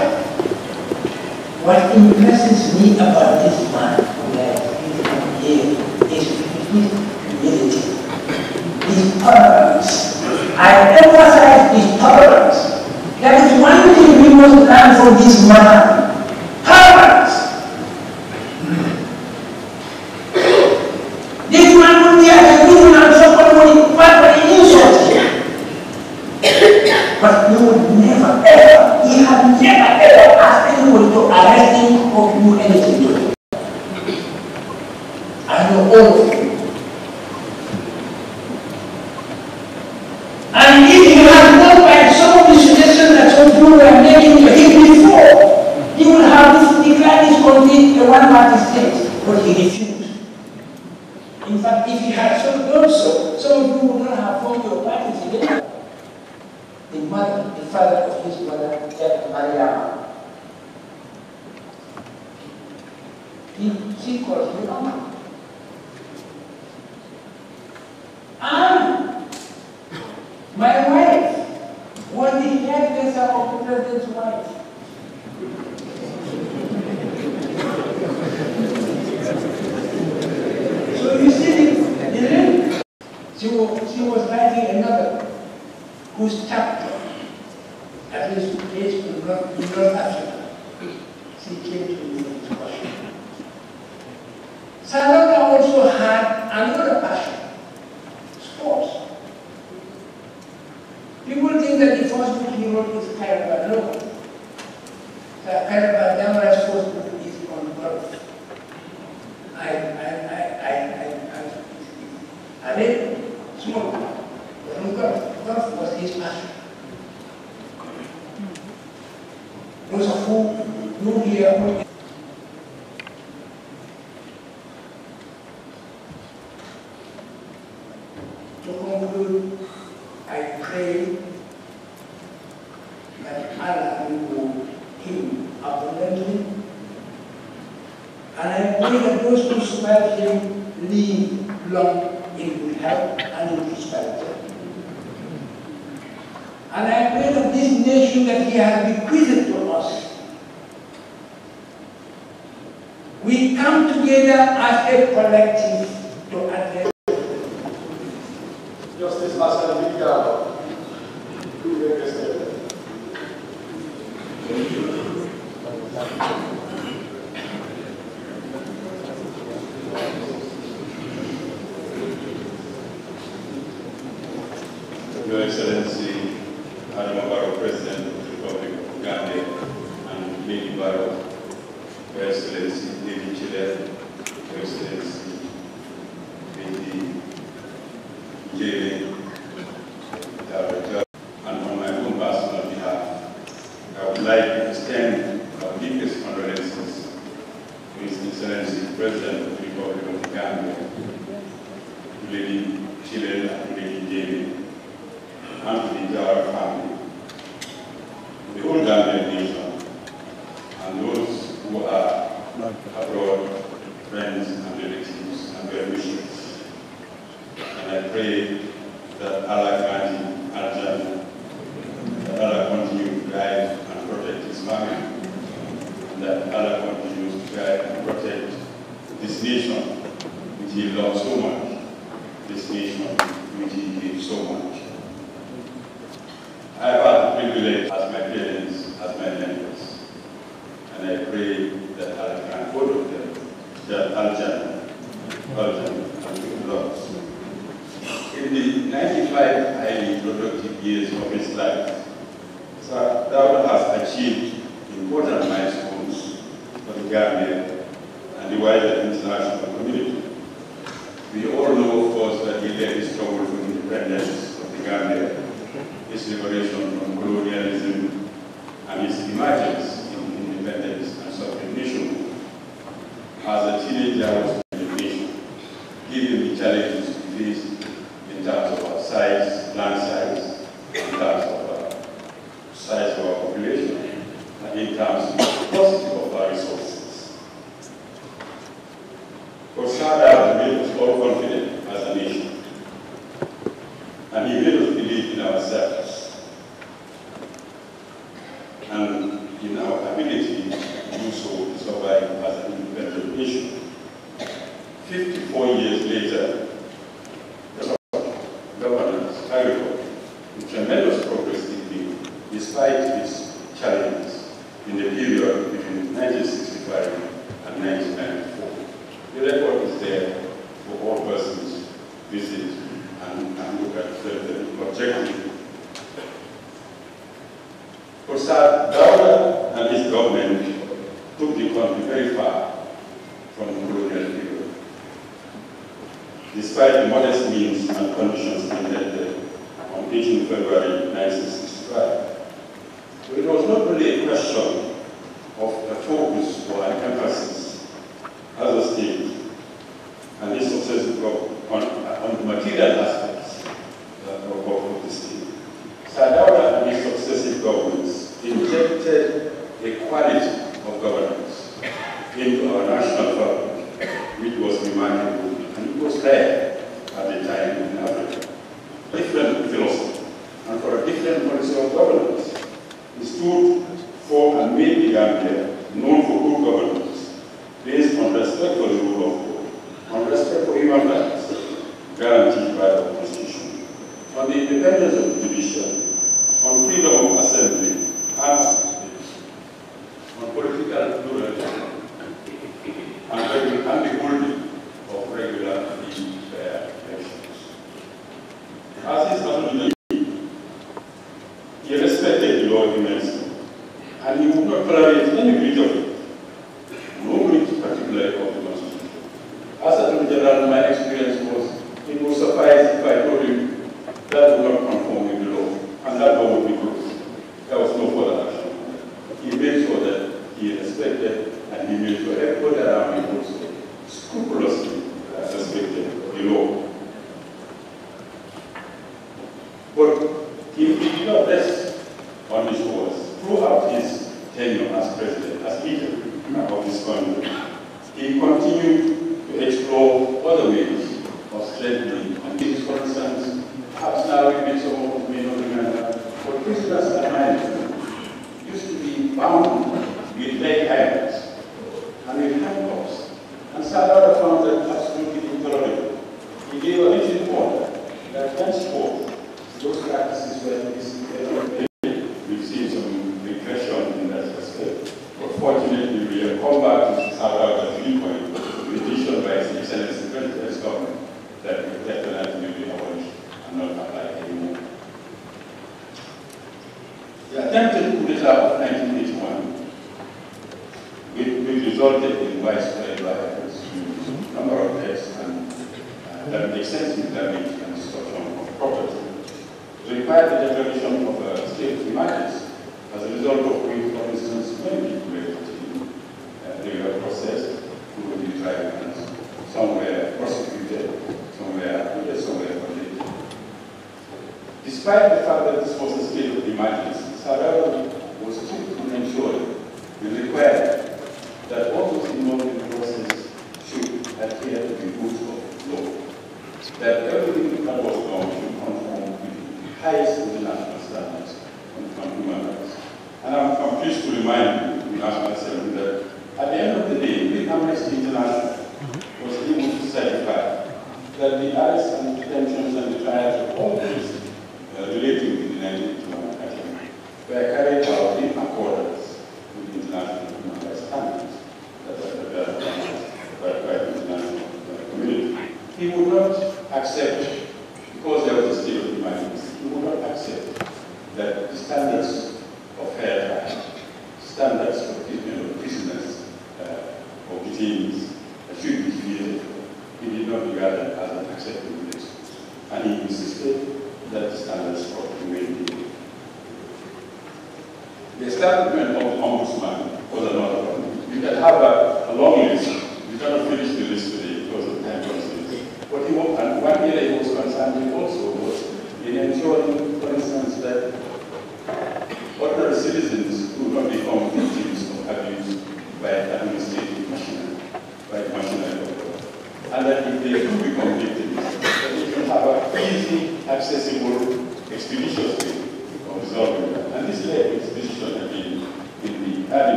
Speaker 9: what impresses me about this man who has here is his humility, his tolerance. I emphasize his tolerance. That is one thing we must learn from this man. Tolerance. But you would never, ever, he had never, ever asked anyone to arrest him or do anything to him. I know all of you.
Speaker 5: And if you had not by some of the suggestions that
Speaker 9: some people were making to him before, he would have declared his conflict a one-party state, but he refused. In fact, if you had so done so, some of you would not have formed your party together the mother, the father of his mother, Maryam. He, she calls me Mama. And my wife was the headdresser of the president's wife. so you see, the, the, she was, she was writing whose chapter, that is the place in North, North Africa, she came to England to worship. Sarada also had another passion, sports. People think that the first book he wrote was Cairo
Speaker 10: really that was the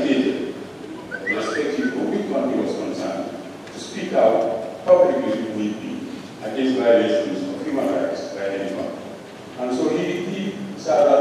Speaker 10: did respective of which country was concerned, to speak out publicly if need be against violations of human rights by anyone. And so he, he served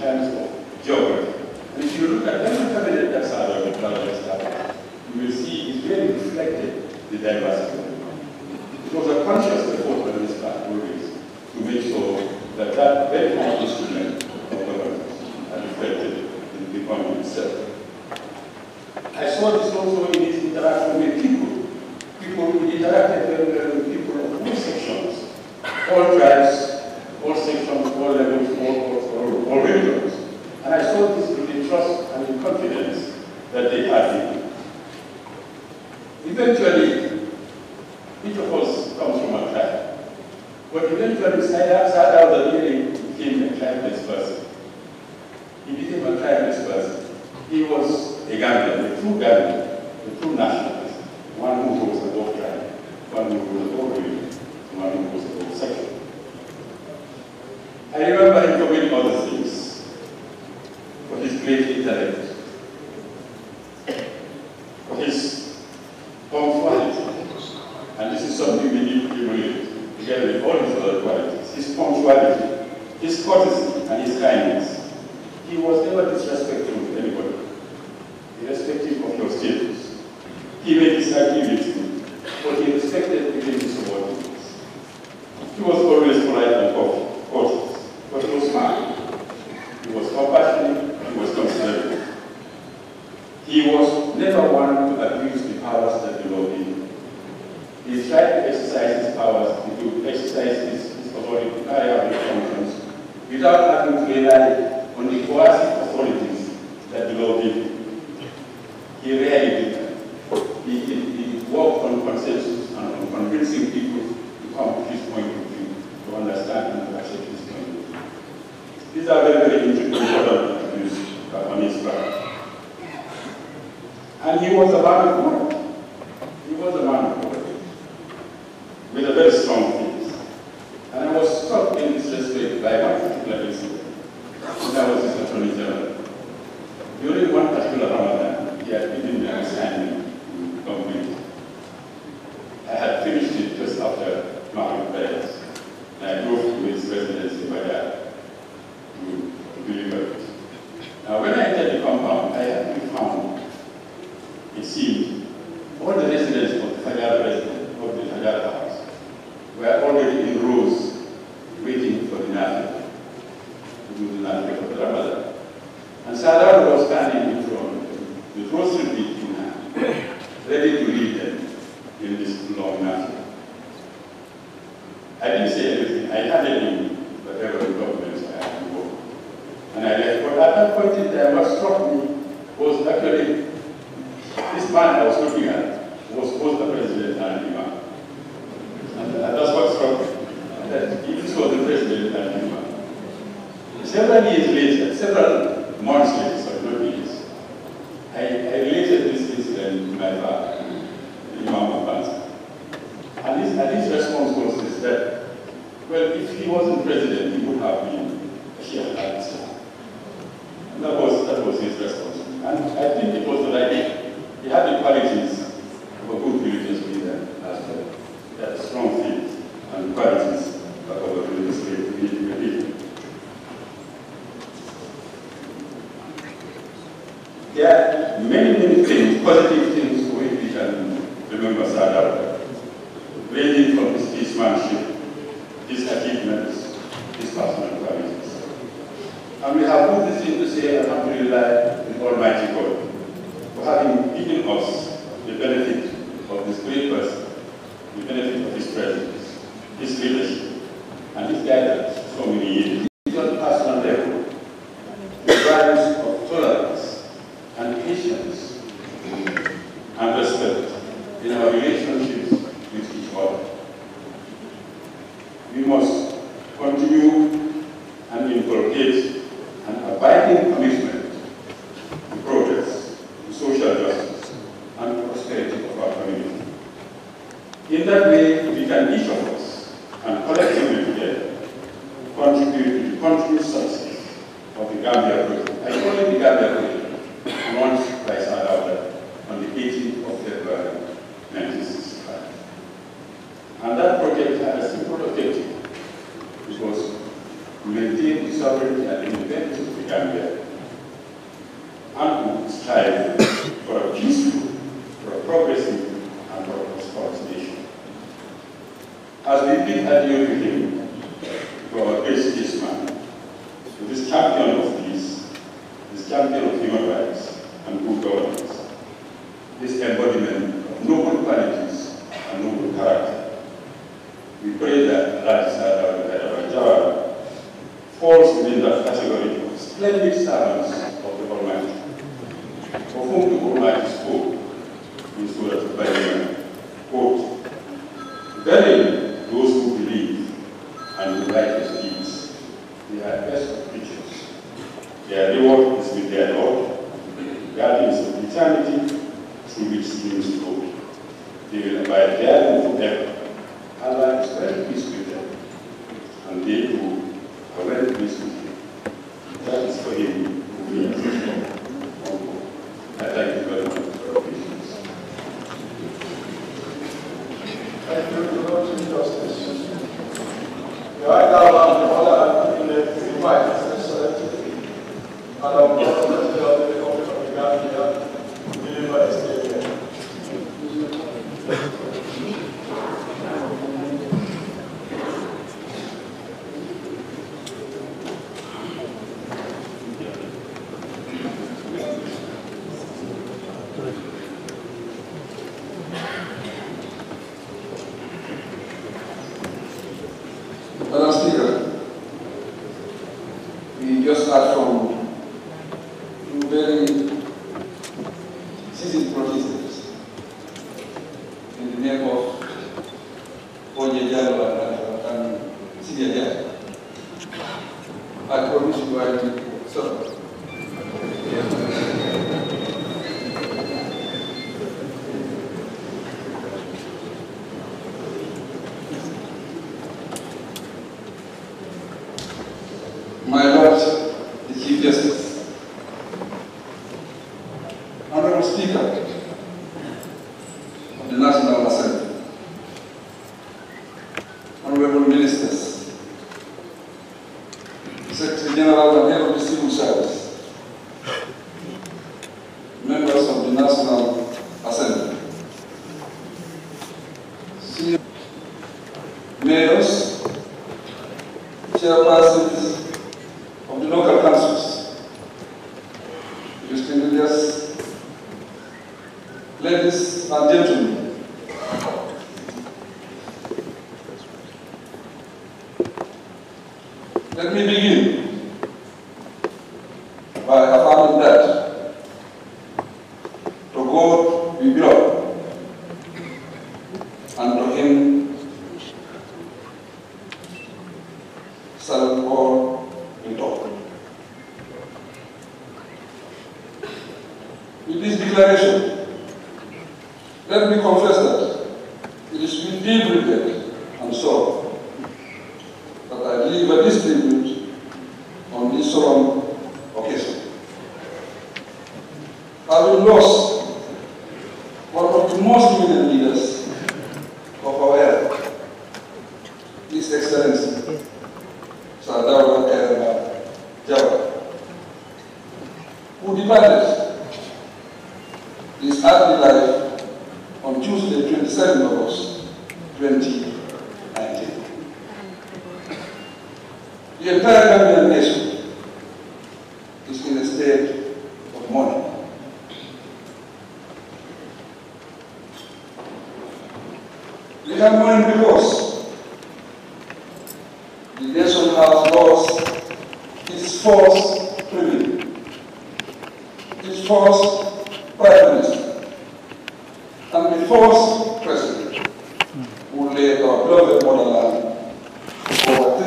Speaker 10: terms of geography. And if you look at them Sempre ali, Luísa. Sempre ali. Morte,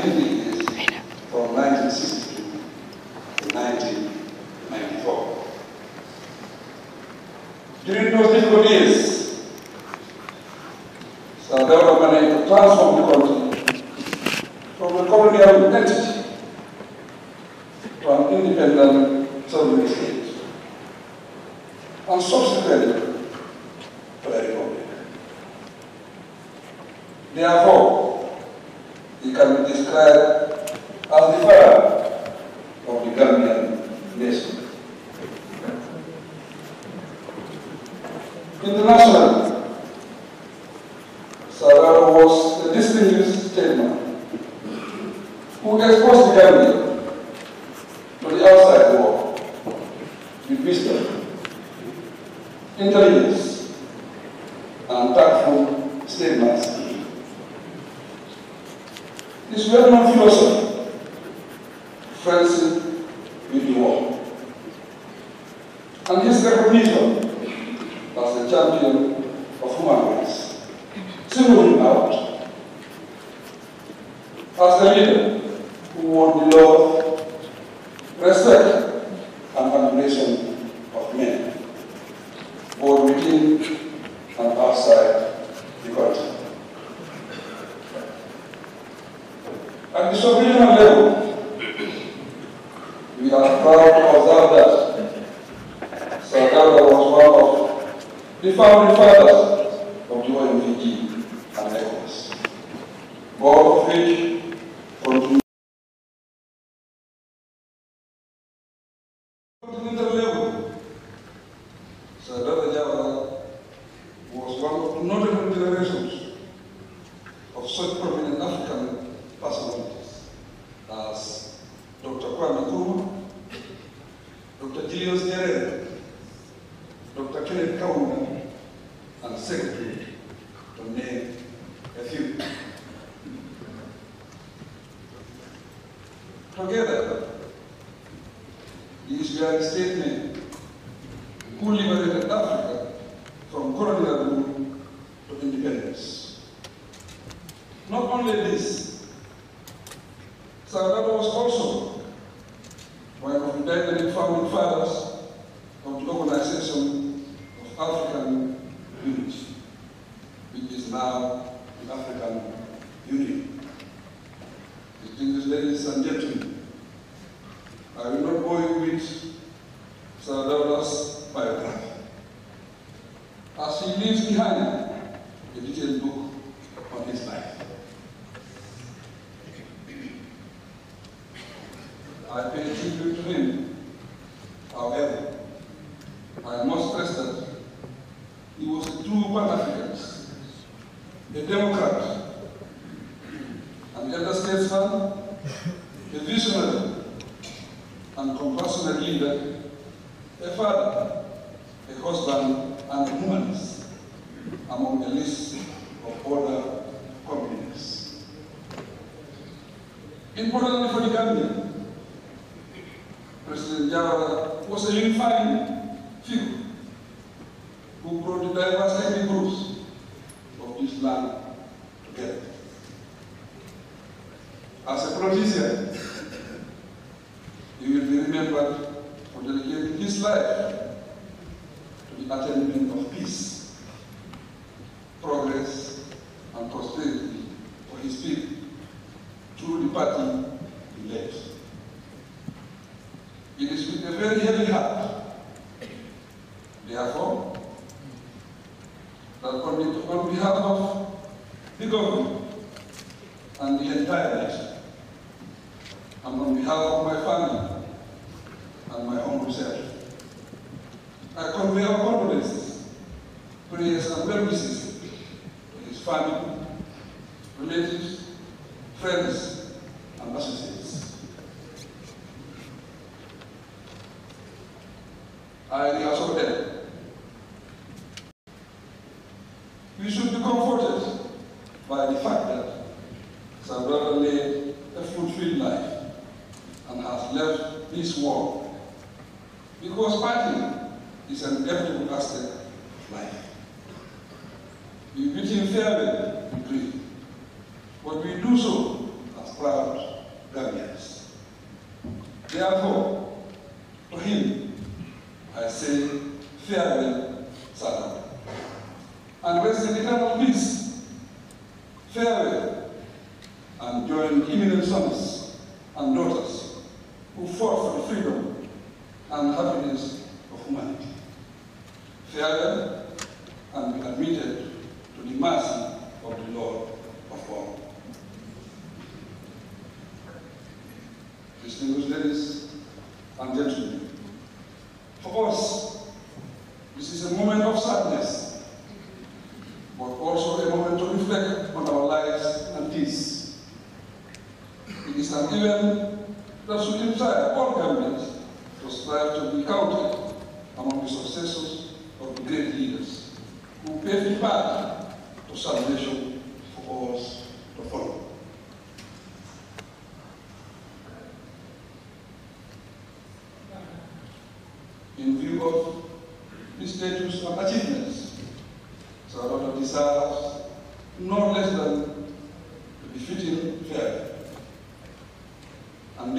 Speaker 8: living it from 1962 to 1994. During those difficult years, South Africa managed to transform the country from a colonial identity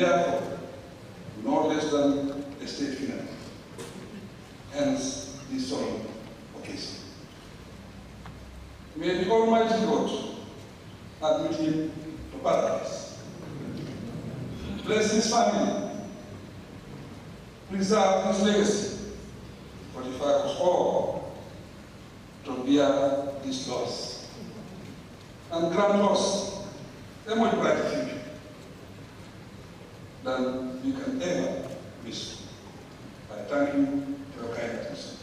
Speaker 8: therefore not less than a state funeral. Hence, this solemn occasion. May the Almighty God admit him to paradise. Bless his family. Preserve his legacy. Fortify us
Speaker 5: all to bear this loss. And
Speaker 8: grant us a much brighter future than you can ever miss I thank you for your kindness.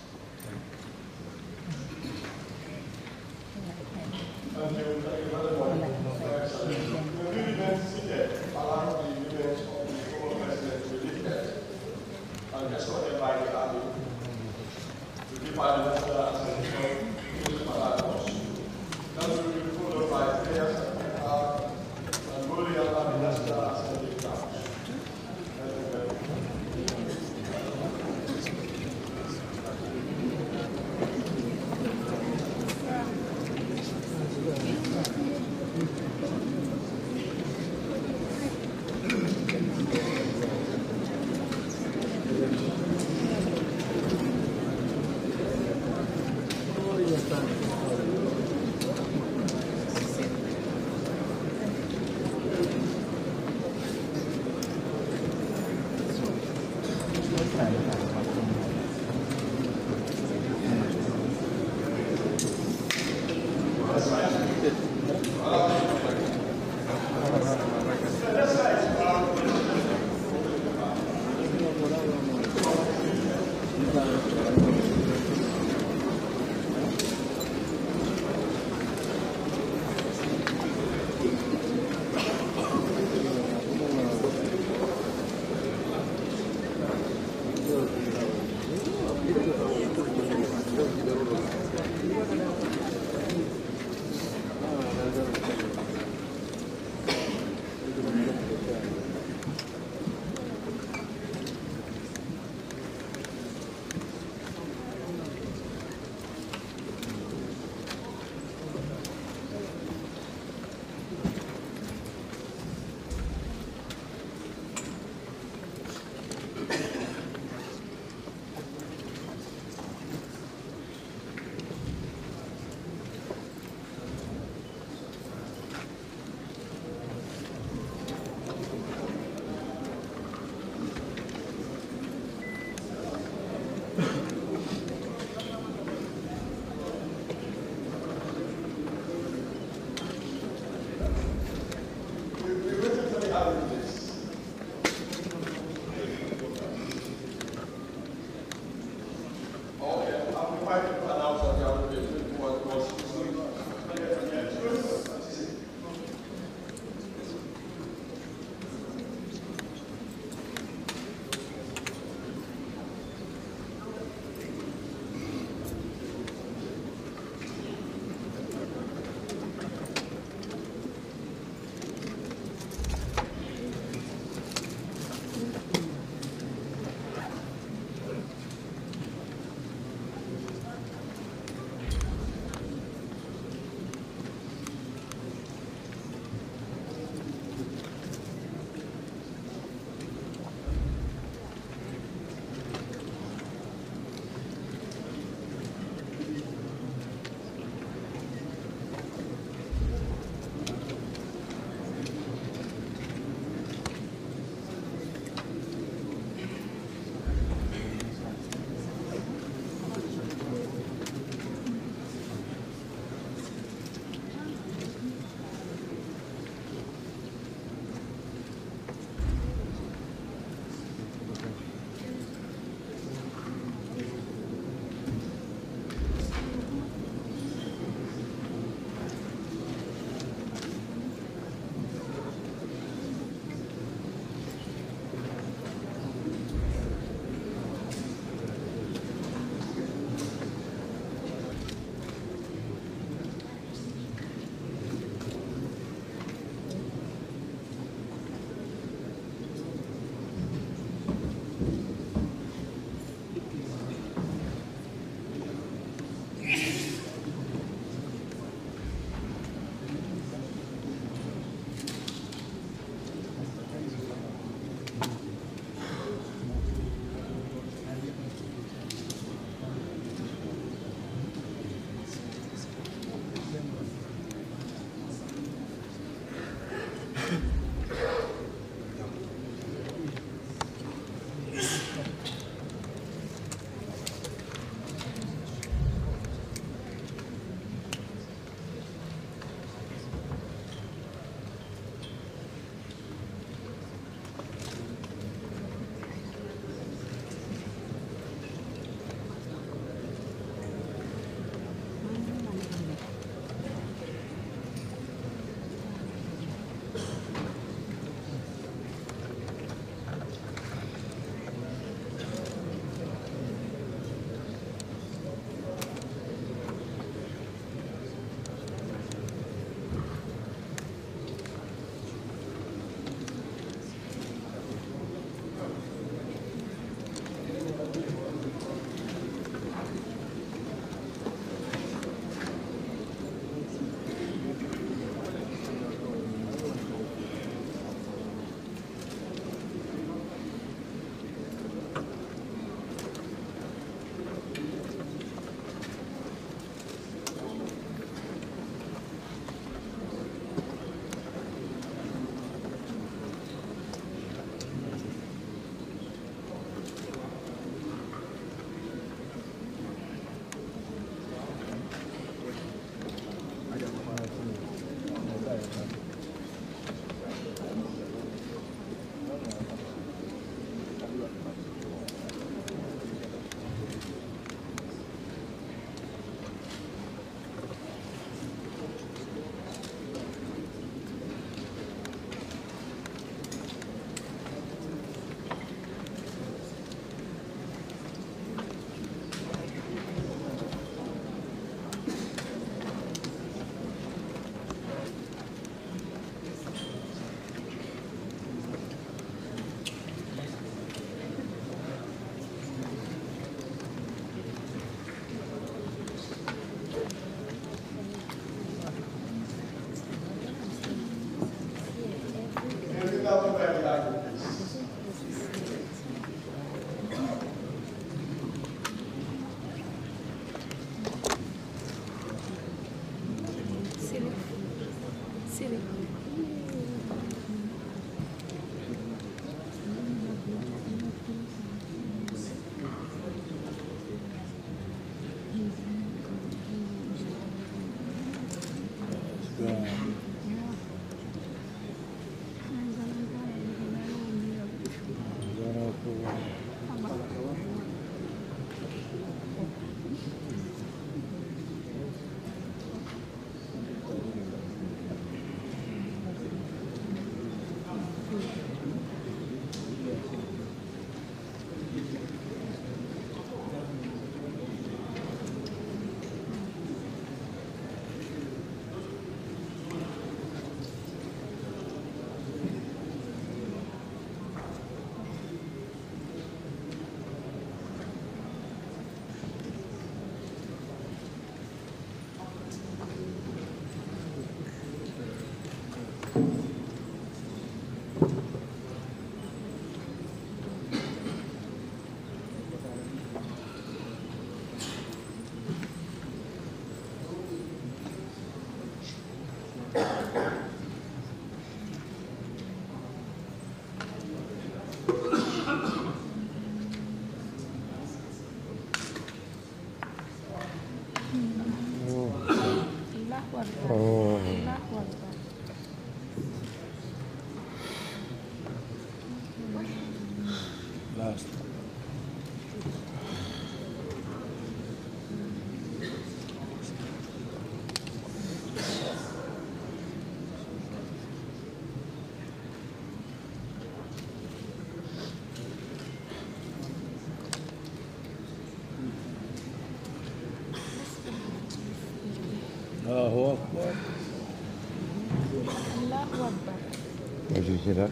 Speaker 10: كده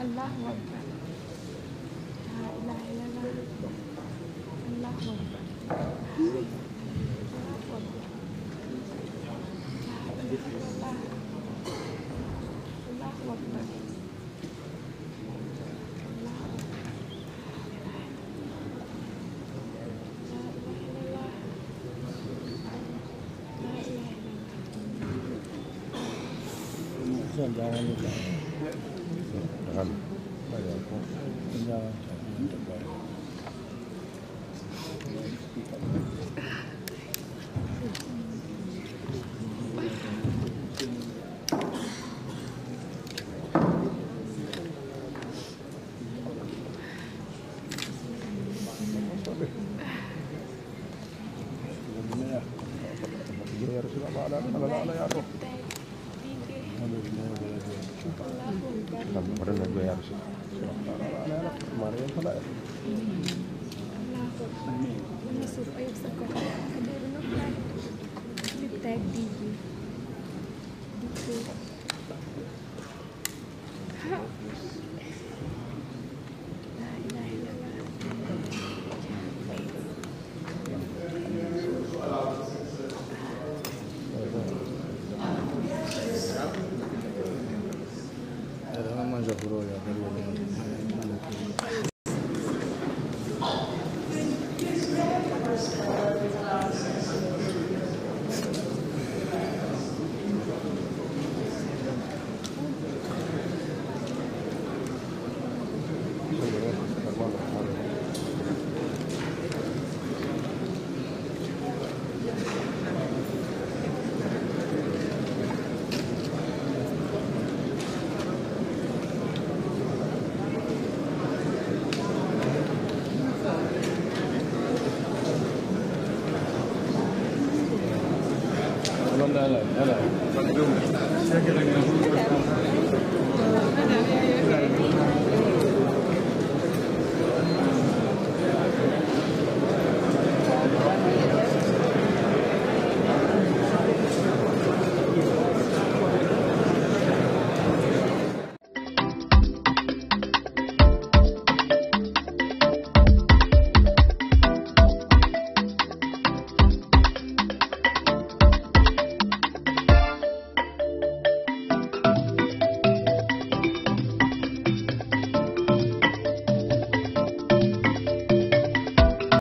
Speaker 9: الله اكبر
Speaker 2: لا اله الا الله الله اكبر
Speaker 10: Thank you.